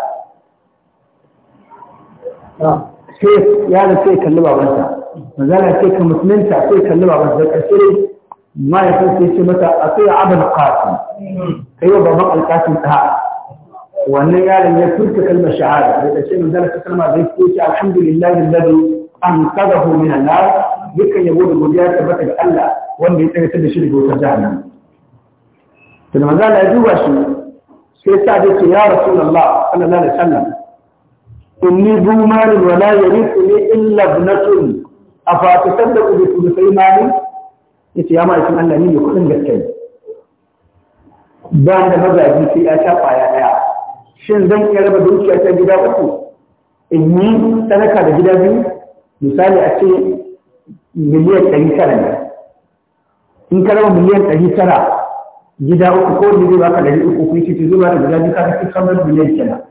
كيف يعني شيخ اللي بقى بنتا مازال شيخ مسلم تعطيك اللي بقى بنتا كثير ما يكون في شيء متى أطيع عبد القاسم أيوة بابا القاسم تها وانا يعني أن يترك كلمة شعارة هذا الشيء من ذلك كلمة ريكوش الحمد لله الذي أنقذه من النار بك يقول المديرة بك ألا وأن يتجد شرك وتجعنا فلما ذلك يجوه شيء سيسا يا رسول الله صلى الله عليه وسلم inni bu malin wala yarithuni illa a afa tasaddaqu bi thuluthi mali yace ya ma'aikin Allah ne kudin gaske Ba da mazaji sai ya sha kwaya daya shin zan iya raba dukiya ta gida uku in yi sadaka da gida biyu misali a ce miliyan ɗari tara ne in ka raba miliyan ɗari tara gida uku ko ne zai baka ɗari uku ko yake zai baka gida biyu ka kasance kamar miliyan kenan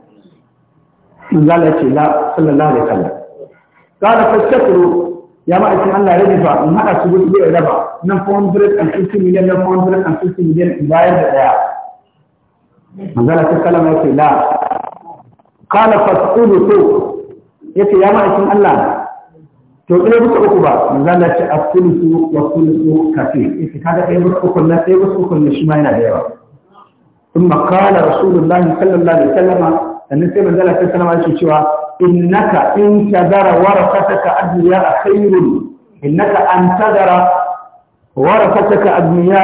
manzala la sallallahu alaihi wasallam qala fastakuru ya ma aikin Allah ya rufa in haɗa su gudu ya raba nan 450 million nan 450 million in bayar da daya manzala ta kalama ya ce la kala fasulu to yace ya ma aikin Allah to ɗaya bisa uku ba manzala ce su wa sulusu kafir yace kada ɗaya bisa uku na ɗaya bisa uku ne shi ma yana da yawa ثم قال رسول الله صلى الله عليه وسلم sannan sai manzala ta sanama yake cewa innaka in tadara warasataka adliya khairun innaka an tadara warasataka adliya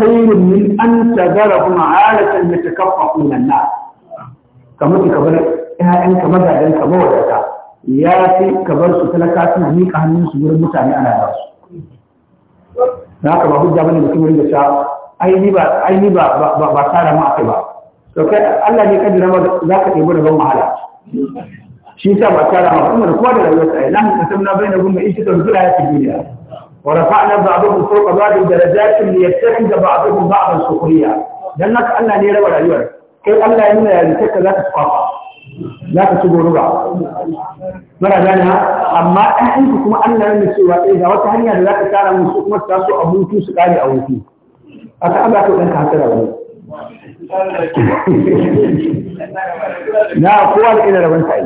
khairun min an tadara kuma alatan yatakaffafuna na kamar ka bar ƴaƴan kamar gadan ka wadata ya ce ka bar su talaka suna hannun su wurin mutane ana da su na haka ba hujja bane mutum rinda sha ai ni ba ai ni ba ba ba tsara mu akai ba to kai Allah ne kaddara ma za ka ɗebi rabon wahala shi yasa ba tara ma kuma kowa da rayuwar sa ina mun kasamna bainahum ma'ishatan fil hayatid dunya wa rafa'na ba'dahum fawqa ba'din darajatin liyattakhidha ba'dahum ba'dan sukhriya dan haka Allah ne ya raba rayuwar kai Allah ya nuna ya rike ka za ka kwafa za ka ci goruba mara gane ha amma ɗan ku kuma Allah ya nuna cewa eh ga wata hanya da za ka tara musu kuma su taso a hutu su kare a hutu aka Allah ka ɗan ka hasara wani na kowa da ina rabon sa'i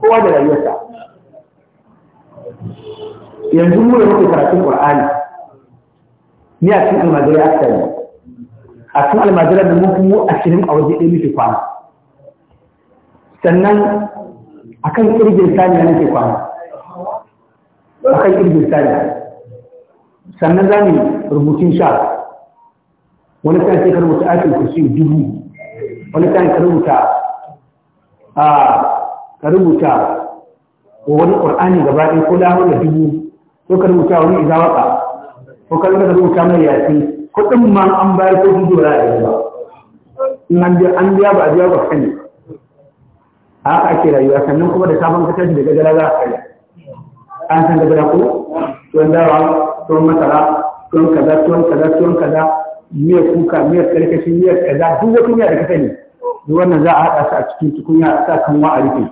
kowa da rayuwarsa yanzu mura muke karatun ƙwar'ani ni a cikin almajirai aka yi a cikin almajirai da mun kuma ashirin a waje ɗaya muke kwana sannan a kan ƙirgin saniya nake kwana a kan ƙirgin saniya sannan za mu rubutun sha wani kan sai ka rubuta ayatul kursi dubu wani kan ka rubuta a ka rubuta wani qur'ani gaba ɗin ko da dubu ko ka rubuta wani waka ko ka rubuta mai yasi ɗin ma an bayar ko dubu ba da ba in an biya ba a biya ba kan a haka ake rayuwa sannan kuma da sabon ka da daga gara za a kai an san daga ku tuwon dawa tuwon masara tuwon kaza tuwon kaza tuwon kaza miyar kuka miyar karkashin miyar kaza duk wata miya da ka sani duk wannan za a haɗa su a cikin tukunya a sa wa a rufe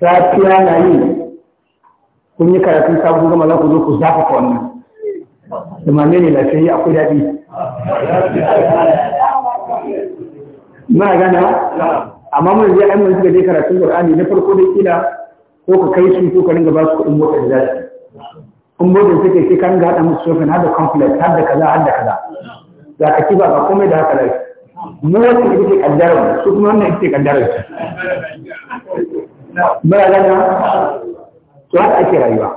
safiya na yi kun yi karatun sabon gama za ku zo ku zafafa wannan tumane ne lafiyayye akwai daɗi muna gana amma mun zai ainihin suka je karatun qur'ani na farko da kila ko ka kai su ko ka ringa ba su kuɗin motar da za su in motar suke sai ka ringa haɗa musu shofin har da complex har da kaza har da kaza da ka ba ba komai da haka lai mu wasu ita ce kaddara su kuma wannan ita ce kaddara mara gana to haka ake rayuwa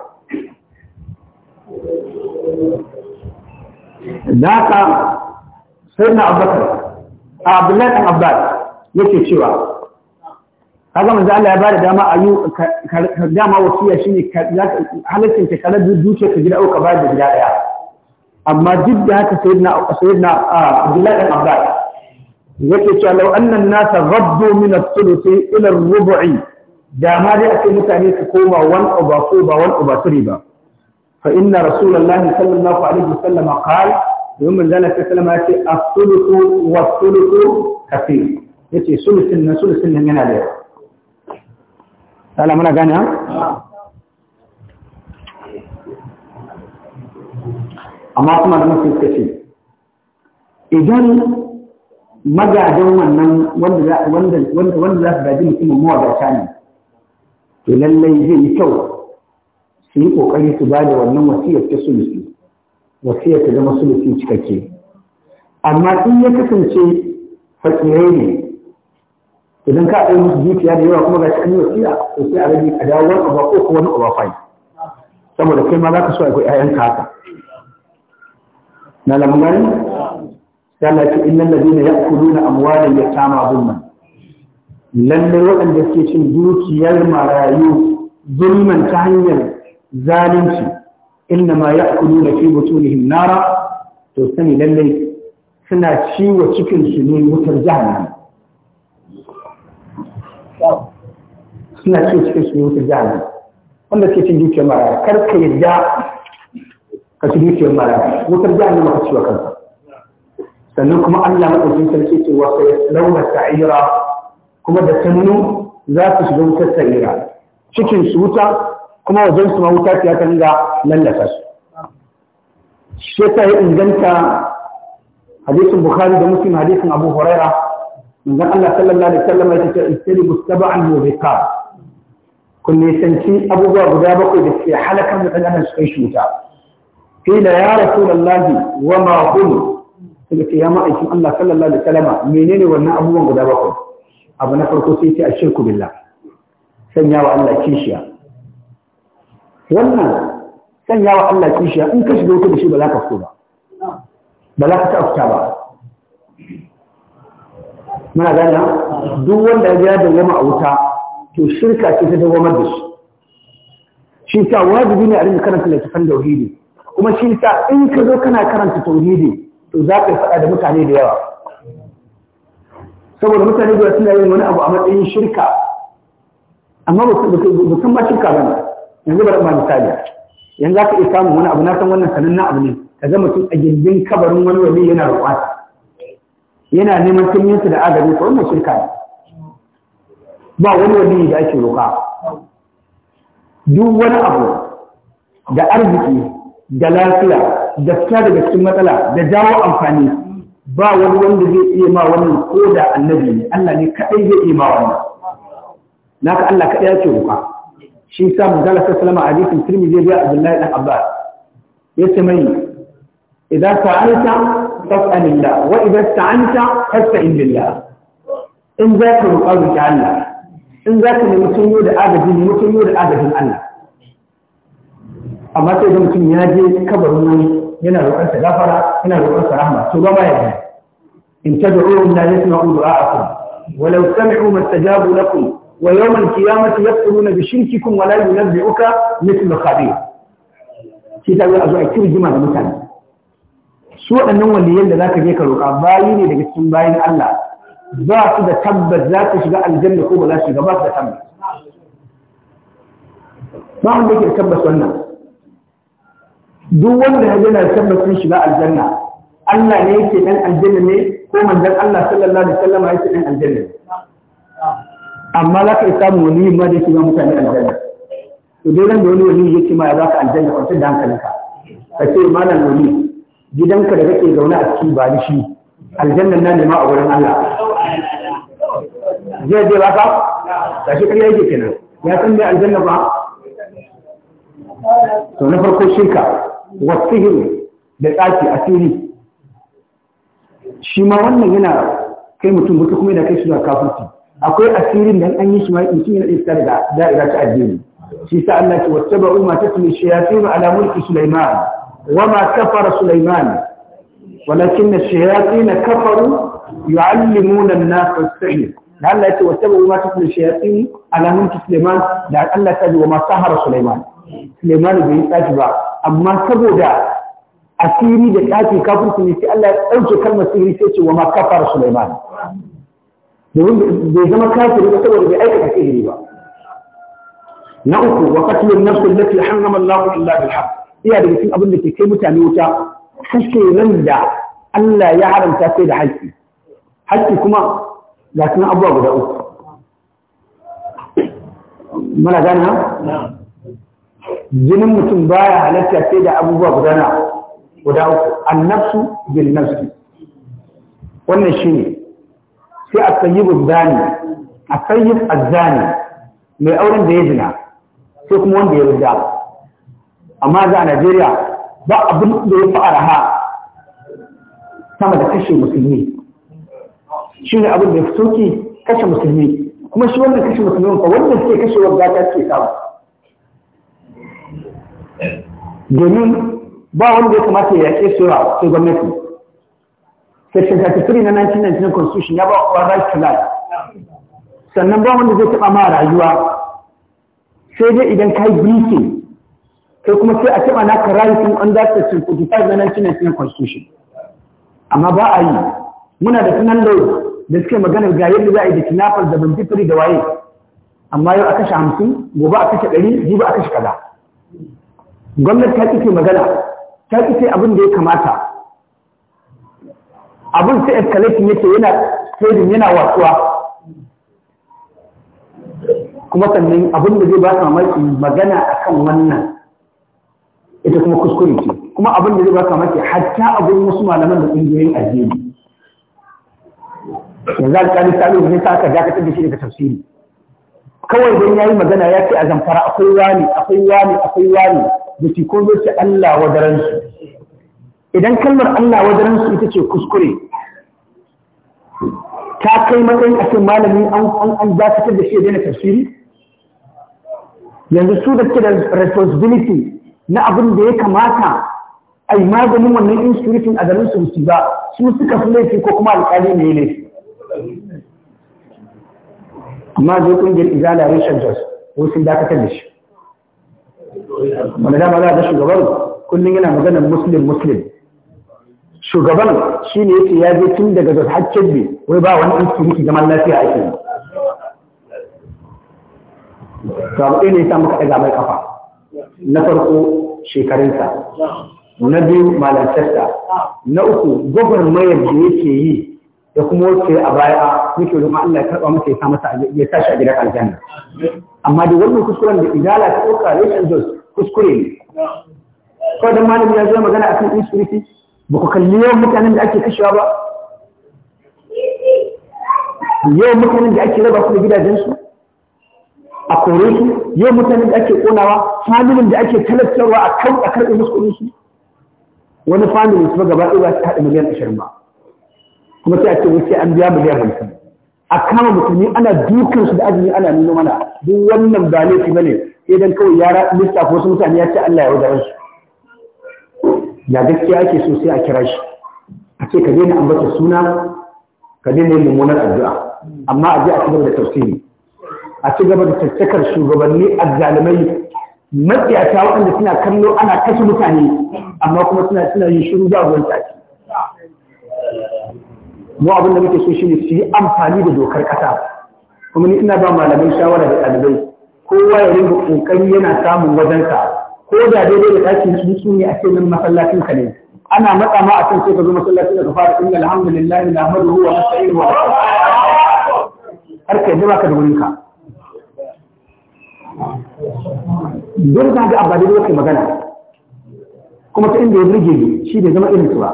da haka sai na abubakar a abdullahi ɗan abbas yake cewa kaga manzo Allah ya ba da dama a yi dama wasiya shine halaccin ka kala dukiya ka gida uku ka ba da gida daya amma duk da haka sai na ah, Abdullah ibn Abbas yake cewa law anna an-nas raddu min ath-thuluthi ila ar-rubu'i da ma dai ake mutane su koma wan over 4 ba 1 over 3 ba fa inna rasulullahi sallallahu alaihi wasallam qala yawm zalika sallama yace ath-thuluthu wa ath-thuluthu kathir yace sulusin na sulusin nan yana da yawa muna ha amma kuma da suka ce idan magadan wannan wanda za su gaji mutumin mawadata ne to lallai zai yi kyau su yi kokari su bada wannan wasiyar ta sulusi wasiyar ta zama sulusi cikakke amma in ya kasance fakirai ne idan ka ɗaya musu zuciya da yawa kuma ga shi an yi wasiya to sai a rage a dawo wani uba ko kuma wani uba fai saboda kai ma za ka so a ga 'ya'yanka haka na lamunan yana ce innan ladina ya'kuluna amwalan yatama zulman lallai waɗanda suke cin dukiyar marayu zulman ta hanyar zalunci inna ma ya'kuluna fi butunihim nara to sani lallai suna ciwo cikin su ne wutar jahannama suna ciwo cikin su ne wutar jahannama wanda suke cin dukiyar marayu kar ka yadda ka ci dukiyar mara wutar jahannama ka ciwa kanka sannan kuma Allah madaukakin sarki ce wa sai launa sa'ira kuma da sannu za su shiga wutar sa'ira cikin su wuta kuma wajen su ma wuta ta kanga lallasa su shi ta yi inganta hadisin bukhari da muslim hadisin abu huraira manzon Allah sallallahu alaihi wasallam ya ce istaribu sab'an mubiqat kun nisanci abubuwa guda bakwai da ke halaka mutanen su kai shuta kila ya rasulullahi wa ma hum suka ce ya ma'aikin Allah sallallahu alaihi wasallam menene wannan abubuwan guda bakwai abu na farko sai ce ashirku billah sanya wa Allah kishiya wannan sanyawa Allah kishiya in ka shiga wuta da shi ba za ka fito ba ba za ka ta fita ba muna gane duk wanda ya dawwama a wuta to shirka ce ta dawwamar da shi shi ta wajibi ne a rinka karanta littafan tauhidi kuma shi sa in ka zo kana karanta tauhidi to za ka faɗa da mutane da yawa saboda mutane da suna yin wani abu a matsayin shirka amma ba san ba shirka ba ne yanzu bari ba misali yanzu za ka iya samun wani abu na san wannan sanannen abu ne ka zama tun a gindin kabarin wani wani yana roƙa yana neman tunyinsa da agaji ko wannan shirka ne ba wani wani da ake roƙa duk wani abu da arziki da lafiya da fita daga cikin matsala da jawo amfani ba wani wanda zai iya ma wannan ko da annabi ne Allah ne kaɗai zai iya ma wannan naka Allah kaɗai ya ce ruka shi sa manzala sallama a hadisin tirmidhi zai Abdullahi dan Abbas ce mai idan sa'alta fas'alillah wa idan sta'anta fasta'in billah in za ka roƙa roƙi Allah in za ka nemi tunyo da agajin nemi tunyo da agajin Allah amma sai da mutum ya je kabarin wani yana roƙar sa gafara yana roƙar sa rahma to ba ma ya in tad'uhum la yasma'u du'a'akum walau sami'u mastajabu lakum wa yawm al-qiyamati yakfuruna bi shirkikum wa la yunabbi'uka mithlu khabir shi ta a zo a kirjima da mutane su waɗannan waliyan da zaka je ka roƙa bayi ne daga cikin bayin Allah ba su da tabbas za ka shiga aljanna ko ba za su shiga ba su da tabbas ba wanda yake tabbas wannan duk wanda ya yana tabbacin shiga aljanna Allah ne yake dan aljanna ne ko manzon Allah sallallahu alaihi wasallam yake dan aljanna amma za ka samu wani ma da yake mutane aljanna to dai nan da wani wani yake ma za ka aljanna kwantar da hankalinka ka ce malam wani gidanka da kake zaune a cikin ba shi aljanna nan ne ma a wurin Allah zai je ba ka tashi kariya yake kenan ya san da aljanna ba to na farko shirka wasihir da tsaki asiri shi ma wannan yana kai mutum wata kuma yana kai shi zuwa kafirci akwai asirin da an yi shi ma mutum yana iska daga da'ira ta addini shi sa Allah ce wattaba'u ma tatlu shayatin ala mulki Sulaiman wa ma kafara Sulaiman walakin ash-shayatin kafaru yu'allimuna an-nasa as-sihr da Allah ce wattaba'u ma tatlu shayatin ala mulki Sulaiman da Allah ta ji wa ma sahara Sulaiman Sulaiman bai yi tsaki ba amma saboda asiri da ɗaki kafin ne sai Allah ya ɗauke kalmar sihiri sai ce wa ma kafara Sulaiman domin bai zama kafiri ba saboda bai aikata sihiri ba na uku wa qatlun nafs allati harrama Allah illa bil haqq iya daga cikin abin da ke kai mutane wuta kashe ran da Allah ya haramta sai da haƙƙi haƙƙi kuma ga sunan abubuwa guda uku muna gane ha jinin mutum baya halatta sai da abubuwa guda na guda uku annafsu bil nafsi wannan shine sai a tsayyibu zani a tsayibu azzani mai auren da ya zina sai kuma wanda ya rida amma za a Najeriya ba abin da ya fi araha sama da kashe musulmi shi ne abin da ya fi soke kashe musulmi kuma shi wannan kashe musulmi wanda suke kashe wanda ta ke samu domin ba wanda ya kamata ya yaƙe su yawa gwamnati section 33 na 1999 constitution ya ba wa right to life sannan ba wanda zai taɓa ma rayuwa sai dai idan ka yi biki sai kuma sai a taɓa naka rayukan under section 45 na 1999 constitution amma ba a yi muna da sunan lau da suke maganar ga yadda za a yi da kinafar da bantifiri da waye amma yau a kashe hamsin gobe a kashe ɗari jibi a kashe kaza gwamnati ta kike magana ta kike abin da ya kamata abin sai escalation yake yana trading yana watsuwa kuma sannan abin da zai ba su mamaki magana akan wannan ita kuma kuskure ce kuma abin da zai ba su mamaki hatta abin wasu malaman da ƙungiyoyin addini yanzu alƙalin salo wani sa aka dakatar da shi daga tafsiri kawai don yayi magana ya ce a zamfara akwai wani akwai wani akwai wani da ke ce Allah wadaransu idan kalmar Allah wadaransu ita ce kuskure ta kai matsayin a cikin malami an dakatar da shi ya na tafsiri yanzu su da ke da responsibility na abin da ya kamata a yi maganin wannan insurifin a garin su ba su suka fi laifi ko kuma alƙali ne ne. amma zai ƙungiyar izala rishon jos ko dakatar da shi wani dama za ga shugaban kullum yana maganar muslim muslim shugaban shi ne yake ya je tun daga da hakken bi wai ba wani insiriki zaman lafiya ake yi to ɗaya ne ya muka ɗaga mai kafa na farko shekarunsa na biyu malantarsa na uku gwagwarmayar da yake yi da kuma wace a baya yake da Allah ya karɓa masa ya sa masa ya sa shi aljanna amma da wannan kuskuren da idala ta ɗauka rashin jos kuskure ne kawai don malami ya zama magana akan insecurity ba ku kalli yawan mutanen da ake kashewa ba yawan mutanen da ake raba su da gidajensu a kore su yawan mutanen da ake konawa familin da ake talattarwa a kan a karɓe musu kuɗin su wani familin su ba gaba ɗaya ba su haɗa miliyan ashirin ba kuma sai a ce wasu an biya miliyan hamsin a kama mutane ana dukansu da azumi ana nuna mana duk wannan ba laifi ba ne sai kawai ya ko wasu mutane ya ce Allah ya wadara su ya gaskiya ake so sai a kira shi a ce ka daina ambata suna ka daina yin mummunar addu'a amma a je a cigaba da tafsiri a cigaba da tattakar shugabanni azzalumai matsiyata waɗanda suna kallo ana kashe mutane amma kuma suna suna yin shiru da ruwan tsaki mu abin da muke so shine su yi amfani da dokar ƙasa kuma ni ina ba malamai shawara da ɗalibai kowa ya rinka kokari yana samun wajensa ko da daidai da ɗakin su su ne a cikin masallacin ka ne ana matsa ma a kan sai ka zo masallacin da ka fara inna alhamdulillah na madu wa nasta'iru wa har ka yadda baka da wurin ka dole ka ga abba da yake magana kuma ta inda ya burge ni shi bai zama irin su ba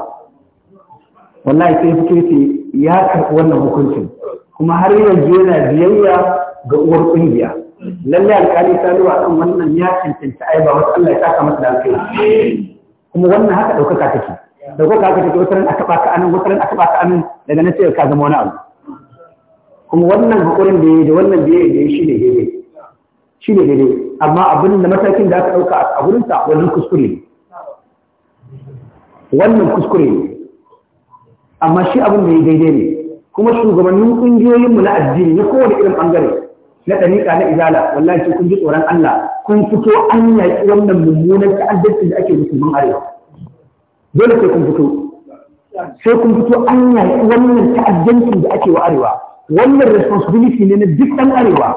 wallahi sai fike ce ya karɓi wannan hukuncin kuma har yanzu yana biyayya ga uwar ƙungiya lalle alƙali salihu akan wannan ya cancanta ai ba wasu Allah ya saka masa da alƙali kuma wannan haka ɗaukaka take ɗaukaka haka ta wataran aka baka anan wataran aka baka anan daga na cewa ka zama wani abu kuma wannan hakurin da ya yi da wannan da ya yi shi ne daidai shi ne daidai amma abin da matakin da aka ɗauka a gurinsa wannan kuskure ne wannan kuskure ne amma shi abin da ya yi daidai ne kuma shugabannin ƙungiyoyinmu na addini na kowane irin ɓangare na ɗariƙa na izala wallahi kun ji tsoron Allah kun fito an yaƙi wannan mummunan ta'addancin da ake musulman arewa dole sai kun fito sai kun fito an yaƙi wannan ta'addancin da ake wa arewa wannan responsibility ne na duk ɗan arewa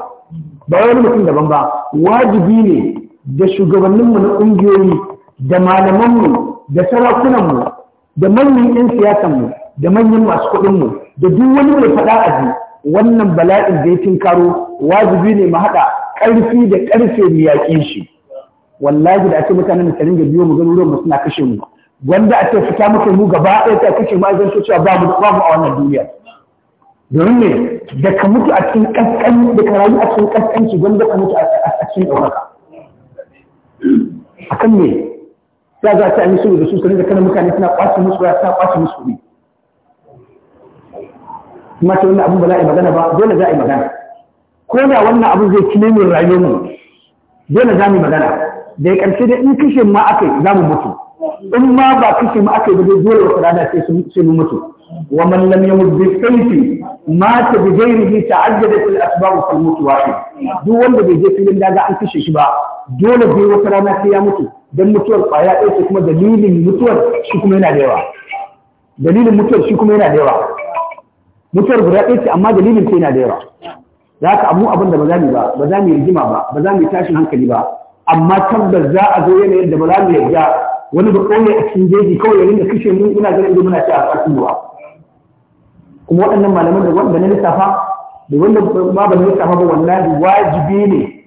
ba wani mutum daban ba wajibi ne da shugabanninmu na ƙungiyoyi da malamanmu da sarakunanmu da manyan 'yan siyasanmu da manyan masu kuɗinmu da duk wani mai faɗa a wannan bala'in da ya tinkaro wajibi ne mu haɗa ƙarfi da ƙarfe mu yaƙi shi wallahi da ake mutanen misalin da biyo mu gani ruwan mu suna kashe mu wanda a ce fita muke mu gaba ɗaya ta kashe mu a cewa ba mu ba mu a wannan duniya domin ne da ka mutu a cikin kaskan da ka rayu a cikin kaskanci wanda ka mutu a cikin ɗaukaka akan ne ya za ta yi su da su sanin da kana mutane suna ƙwace musu ya suna ƙwace musu ne kuma ce wannan abin ba za a yi magana ba dole za a yi magana ko da wannan abin zai cime min rayuwar mu dole za mu yi magana da ya karshe da in kishin ma aka yi za mu mutu in ma ba kishin ma aka yi ba zai dole wata rana sai mu mutu wa man lam yamut bi sayfi mata bi ghairihi da al asbab fa al mutu wahid duk wanda bai je filin daga an kishe shi ba dole bai wata rana sai ya mutu dan mutuwar kwaya ɗaya ce kuma dalilin mutuwar shi kuma yana da yawa dalilin mutuwar shi kuma yana da yawa mutuwar guda ɗaya ce amma dalilin ta yana da yawa za ka amu abin da ba za mu ba ba za mu rigima ba ba za mu tashin hankali ba amma tabbas za a zo yanayin da ba za mu yarda wani ba ƙauye a cikin jeji kawai ya rinka kashe mu ina ganin ido muna ci a ƙarfin ruwa kuma waɗannan malaman da wanda na lissafa da wanda ba ba na lissafa ba wallahi wajibi ne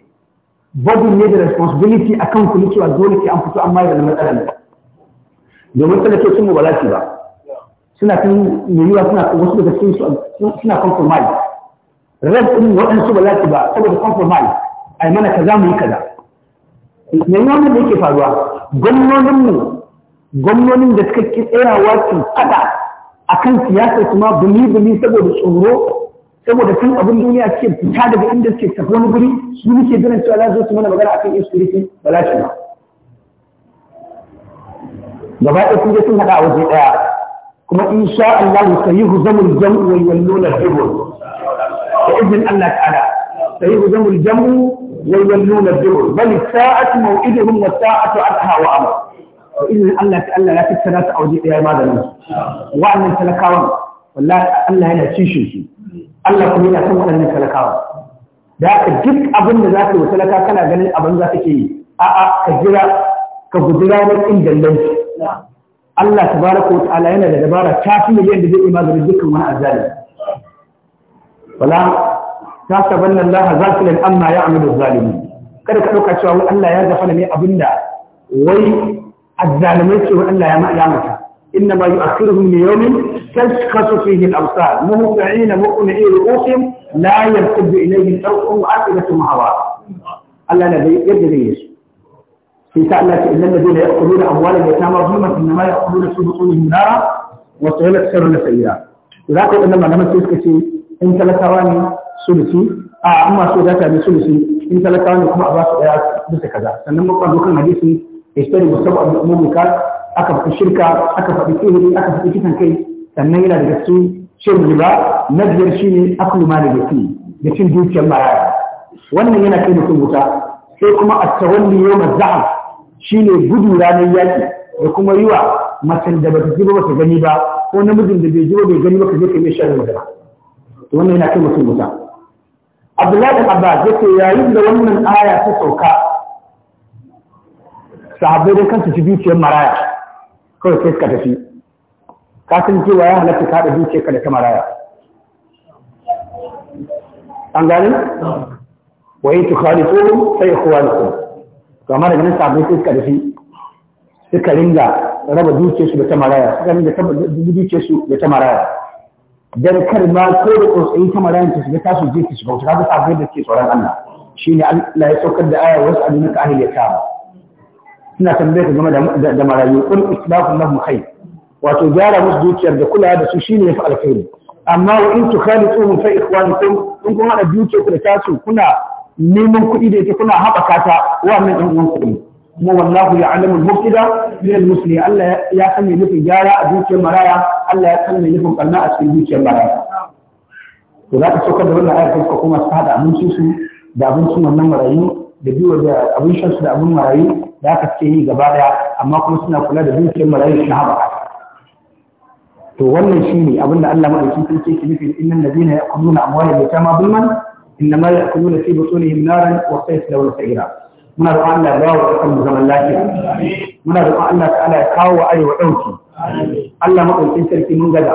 burden ne da responsibility akan ku ne cewa dole ke an fito amma da matsalar domin talakocin mu ba za ba suna kan yiwuwa suna wasu daga cikin su suna compromise red din waɗansu ba za su ba saboda compromise ai mana kaza mu yi kaza me yawan da yake faruwa gwamnonin mu gwamnonin da suka ki tserawa su fada akan siyasar kuma ma buli buli saboda tsoro saboda kan abin duniya suke fita daga inda suke tafi wani guri su muke ganin cewa za su mana magana akan insecurity ba za su ba gaba ɗaya sun je sun haɗa a waje ɗaya kuma in sha Allah sai yi huzamul jam'u wa yalluna dubur da izinin Allah ta'ala sai yi huzamul jam'u wa yalluna dubur bal sa'atu maw'iduhum wa sa'atu adha wa amr da izinin Allah ta'ala ya tattara su a waje daya maganin wa'annan talakawan wallahi Allah yana cishin su Allah kuma yana son waɗannan talakawa da ka duk abin da za ka yi talaka kana ganin abin za ka ke yi a'a ka jira ka guji ranar inda lantarki Allah tabaraka wa ta'ala yana da dabara ta fi miliyan da zai imagani dukkan wani azali wala ta saban Allah za su lan amma ya amu da zalimi kada ka ɗauka cewa wai Allah ya zafa ne abinda wai azzalimai ce wai Allah ya ma'ayamata inna ma yi akirhum ne yau ne kaskasu a hin amsa muhutsa'i na muƙuna iya rukukin layar kubu ilayin ɗauƙon wa'afi da su mahawa Allah na zai yadda zai yi su في سألة إن الذين يأكلون أموال اليتامى ظلما إنما يأكلون في بطونهم نارا وسيلة سر لسيئة إذا قلت إنما لما تسكتي إن ثلاثواني ثلثي آه أما سوداتا بثلثي إن ثلاثواني كما أباس إياس بس كذا سنما قد ذكر حديثي يشتري مستوى المؤمنكات أكف الشركة أكف بكيهري أكف بكيهن كي سنينا لجسو شر ربا نجر شيني أكل مال يتي يتي دوكي المعارف wannan yana kai mutum wuta sai kuma a tawalli yau mazza'a Shi ne gudu ranar yaki da kuma yiwa macen da bata ji ba gani ba ko namijin da bai ji ba bai gani ba ka je ka yi shan magana to wannan yana kai mutum wuta Abdullahi bin ya ce yayin da wannan aya ta sauka sahabbai da kansu ci dukiyar maraya kawai sai suka tafi ka san cewa ya halatta ka dukiyar ka da ta maraya an gani. wa in tukhalifu sai ikhwanukum to amma daga nan sabai sai suka dafi suka ringa raba dukiyarsu da ta maraya suka ringa dukiyarsu da ta maraya dan kar ma ko da tsotsayi ta maraya ta shiga tasu je ta shiga kaga sabai da ke tsoron Allah Shi ne Allah ya saukar da aya wasu alina ka ahli yatama suna tambaye ka game da da marayu qul islahun lahum khair wato gyara musu dukiyar da kula da su shine ya fi alkhairi amma wa in tukhalituhum fa ikhwanukum in kun hada dukiyarku da tasu kuna neman kuɗi da yake kuna haɓaka ta wannan ɗan uwan kuɗi kuma wallahu ya alamu mubtida min al-musli Allah ya san me nufin gyara a dukiyar maraya Allah ya san me nufin barna a cikin dukiyar maraya to za ka saukar da wannan ayar ka kuma su hada abincin su da abincin wannan marayu da biyu da abin shan su da abin marayu da aka ce yi gaba ɗaya. amma kuma suna kula da dukiyar marayu na haɓaka to wannan shine abinda Allah madaukakin sarki yake nufi innal ladina ya'kuluna amwalal yatama bilman إنما يأكلون في بطونهم نارا وقيس لو السعيرا من رأى الله باو أكم زمن لاكي من رأى الله تعالى يقاو أي وعوتي الله مقل تنسلك من قدع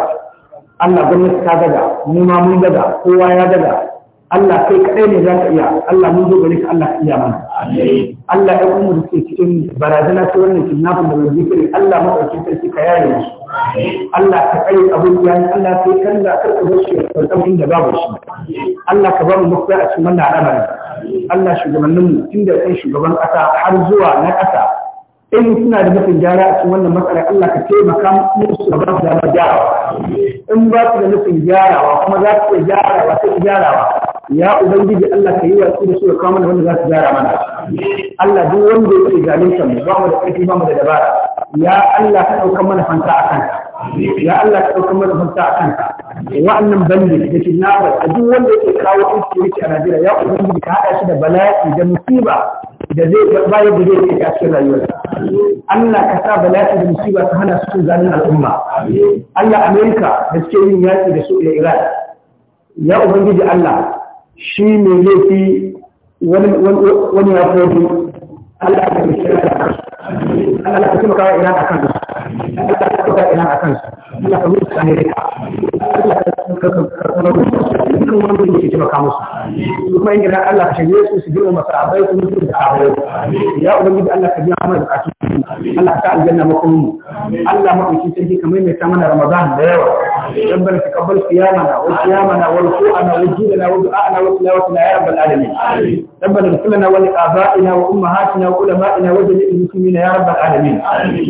الله بلنك قدع مما من قدع قوة يا قدع الله كيك أين ذاك إياه الله منذ قلت الله إياه Allah ya umurce cikin barazana ta wannan kidnapping da bai zikiri Allah maɗaukin sarki ka yare shi Allah ka tsare abin ya Allah sai kan da ka tsare shi ka san inda babu shi Allah ka bamu mu a cikin wannan al'amari Allah shugabanninmu tun da kan shugaban ƙasa har zuwa na ƙasa in suna da nufin gyara a cikin wannan matsala Allah ka taimaka musu su ba su da gyarawa in ba su da nufin gyarawa kuma za su iya gyarawa sai su gyarawa ya ubangiji Allah ka yi watsi da su kawo mana wanda za su gyara mana Allah duk wanda yake zalunta mu ba mu da ƙarfi ba mu da dabara ya Allah ka ɗaukar mana fanta a kanka ya Allah ka ɗaukar mana fanta a kanka wa'annan bandit da kidnapper a duk wanda yake kawo insecurity a Najeriya ya ubangiji ka haɗa shi da bala'i da musiba da zai bayar da zai kai a cikin rayuwarsa Allah ka sa bala'i da musiba ta hana su zanen al'umma Allah Amerika da suke yin yaƙi da su da Iran ya ubangiji Allah shi ne laifi wani ya fodi Allah ka kira Allah na taimaka wa Iran akan su Allah ka taimaka wa Iran akan su Allah ka Allah ka ka kuma dukkan wanda yake taimaka musu kuma in gida Allah ka shirye su su girma masahabai su mutu da sahabbai ya ubangiji Allah ka biya mana bukatu Allah ka aljanna makomu Allah madauki sarki ka maimaita mana Ramadan da yawa ربنا تقبل صيامنا وصيامنا وركوعنا وجودنا ودعاءنا وتلاوتنا يا رب العالمين ربنا اغفر لنا ولابائنا وامهاتنا وعلمائنا وجميع المسلمين يا رب العالمين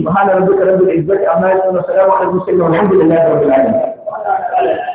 سبحان ربك رب العزه عما يصفون وسلام على المرسلين والحمد لله رب العالمين